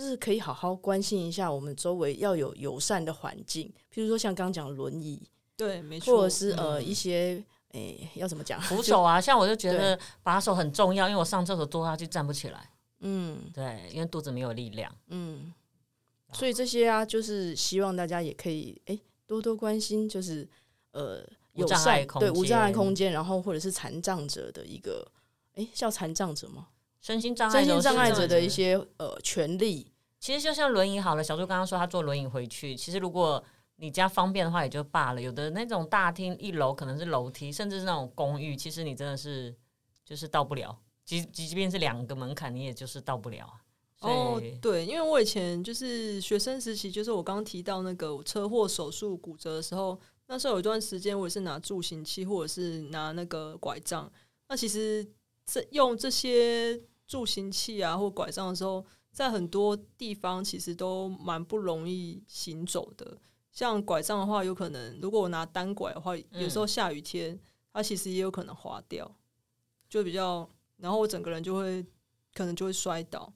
S1: 就是可以好好關心一下我們周圍，要有友善的環境，譬如說像剛講輪椅，對，沒錯，或者是、嗯、呃一些誒、欸、要怎麼講扶手啊，就像我就覺得
S3: 把手很重要，對因為我上廁所坐下去站不起來，嗯，對，因為肚子沒有力量，
S1: 嗯，後所以這些啊，就是希望大家也可以誒、欸、多多關心，就是呃友善空間，對無障礙空間，空嗯、然後或者是殘障者的一個誒叫殘障者嗎？身
S3: 心障礙者的一些
S1: 呃權利，
S3: 其實就像輪椅好了。小朱剛剛說他坐輪椅回去，其實如果你家方便的話也就罷了。有的那種大廳一樓可能是樓梯，甚至是那種公寓，其實你真的是就是到不了。即即便是兩個門檻，你也就是到不了。哦，
S2: 對，因為我以前就是學生時期，就是我剛剛提到那個車禍手術骨折的時候，那時候有一段時間我也是拿助行器，或者是拿那個拐杖。那其實這用這些。助行器啊，或拐杖的時候，在很多地方其實都蠻不容易行走的。像拐杖的話，有可能如果我拿單拐的話，有時候下雨天，嗯、它其實也有可能滑掉，就比較，然後我整個人就會可能就會摔倒。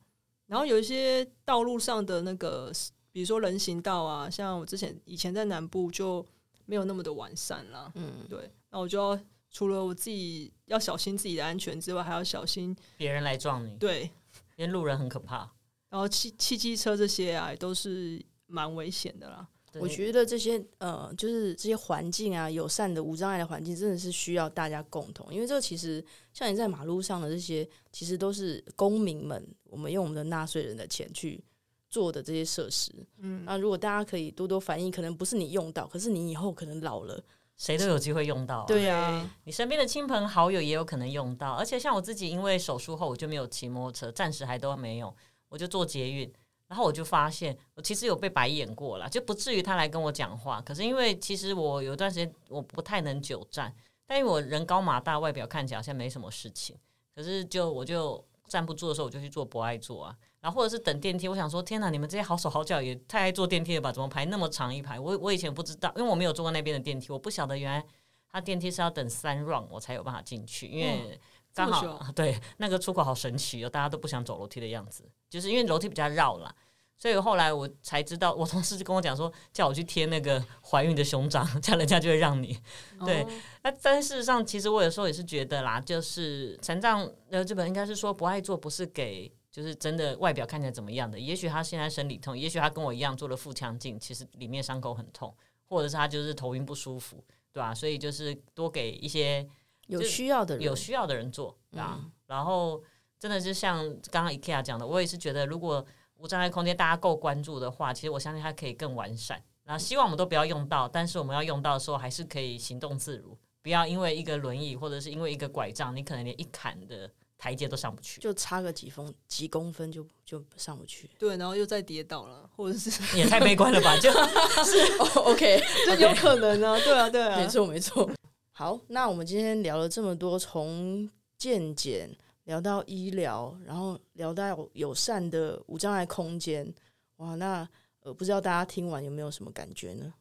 S2: 然後有一些道路上的那個，比如說人行道啊，像我之前以前在南部就沒有那麼的完善啦。嗯，對，那我就要。除了我自己要小心自己的安全之外，還要小心
S3: 別人來撞你。對，因為路人很可怕。
S2: 然後汽、汽機車這些啊，都是蠻危險的啦。對我覺得這些呃，就是這些環
S1: 境啊，友善的、無障礙的環境，真的是需要大家共同。因為這個其實，像你在馬路上的這些，其實都是公民們，我們用我們的納稅人的錢去做的這些設施。嗯，那如果大家可以多多反映，可能不是你用到，可是你以後可能老了。
S3: 誰都有機會用到啊，對呀、啊。你身邊的親朋好友也有可能用到，而且像我自己，因為手術後我就沒有騎摩托車，暫時還都沒有，我就坐捷運。然後我就發現，我其實有被白眼過了，就不至於他來跟我講話。可是因為其實我有段時間我不太能久站，但因為我人高馬大，外表看起來好像沒什麼事情。可是就我就站不住的時候，我就去坐博愛座啊。然後、啊、或者是等電梯，我想說天哪，你們這些好手好腳也太愛坐電梯了吧？怎麼排那麼長一排？我我以前不知道，因為我沒有坐過那邊的電梯，我不曉得原來它電梯是要等三讓我才有辦法進去，因為剛好、嗯啊、對那個出口好神奇哦，大家都不想走樓梯的樣子，就是因為樓梯比較繞啦，所以後來我才知道，我同事就跟我講說，叫我去貼那個懷孕的胸章，這樣人家就會讓你對。那、哦啊、但事實上，其實我有時候也是覺得啦，就是成長的日本應該是說不愛做，不是給。就是真的外表看起來怎麼樣的？也許他現在生理痛，也許他跟我一樣做了腹腔鏡，其實裡面傷口很痛，或者是他就是頭暈不舒服，對吧、啊？所以就是多給一些有需要的人有需要的人做，啊。嗯、然後真的就像剛剛 IKEA 講的，我也是覺得，如果無障礙空間大家夠關注的話，其實我相信它可以更完善。然後希望我們都不要用到，但是我們要用到的時候，還是可以行動自如，不要因為一個輪椅或者是因為一個拐杖，你可能連一砍的
S1: 台階都上不去，就差個幾分幾公分就就上不去。
S2: 對，然後又再跌倒了，或者是也太悲觀了吧？ 就是 OK，就有可能呢、啊。對啊，對
S1: 啊，沒錯，沒錯。好，那我們今天聊了這麼多，從健檢聊到醫療，然後聊到友善的無障礙空間，哇，那呃，不知道大家聽完有沒有什麼感覺呢？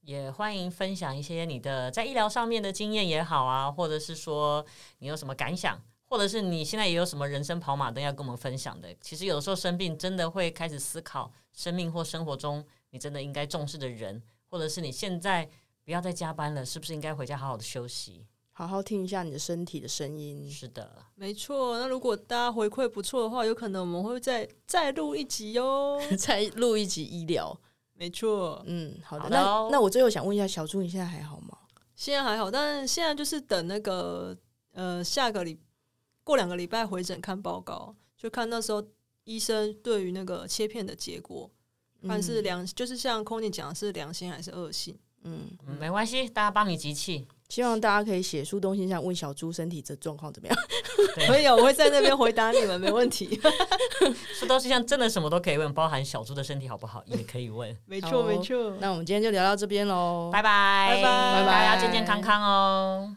S3: 也歡迎分享一些你的在醫療上面的經驗也好啊，或者是說你有什麼感想。或者是你現在也有什麼人生跑馬燈要跟我們分享的？其實有的時候生病真的會開始思考生命或生活中你真的應該重視的人，或者是你現在不要再加班
S1: 了，是不是應該回家好好的休息，好好聽一下你的身體的聲音？是的，
S2: 沒錯。那如果大家回饋不錯的話，有可能我們會再再錄一集喲、哦， 再錄一集醫療，沒錯。嗯，好的。好的哦、那那
S1: 我最後想問一下，小朱，你現在還好
S2: 嗎？現在還好，但是現在就是等那個呃下個禮。過兩個禮拜回診看報告，就看那時候醫生對於那個切片的結果，看是良，嗯、就是像空姐講的是良性還是惡性。嗯，沒關係，大家幫你集氣，
S1: 希望大家可以寫樹洞信箱問小豬身體的狀況怎麼樣。可以啊，我會在那
S2: 邊回答你們，沒問題。
S3: 樹洞信箱真的什麼都可以問，包含小豬的身體好不好也可以問。沒錯、沒錯，沒
S1: 錯，那我們今天就聊到這邊嘍，拜拜、拜拜，bye bye 大家要健健康康哦。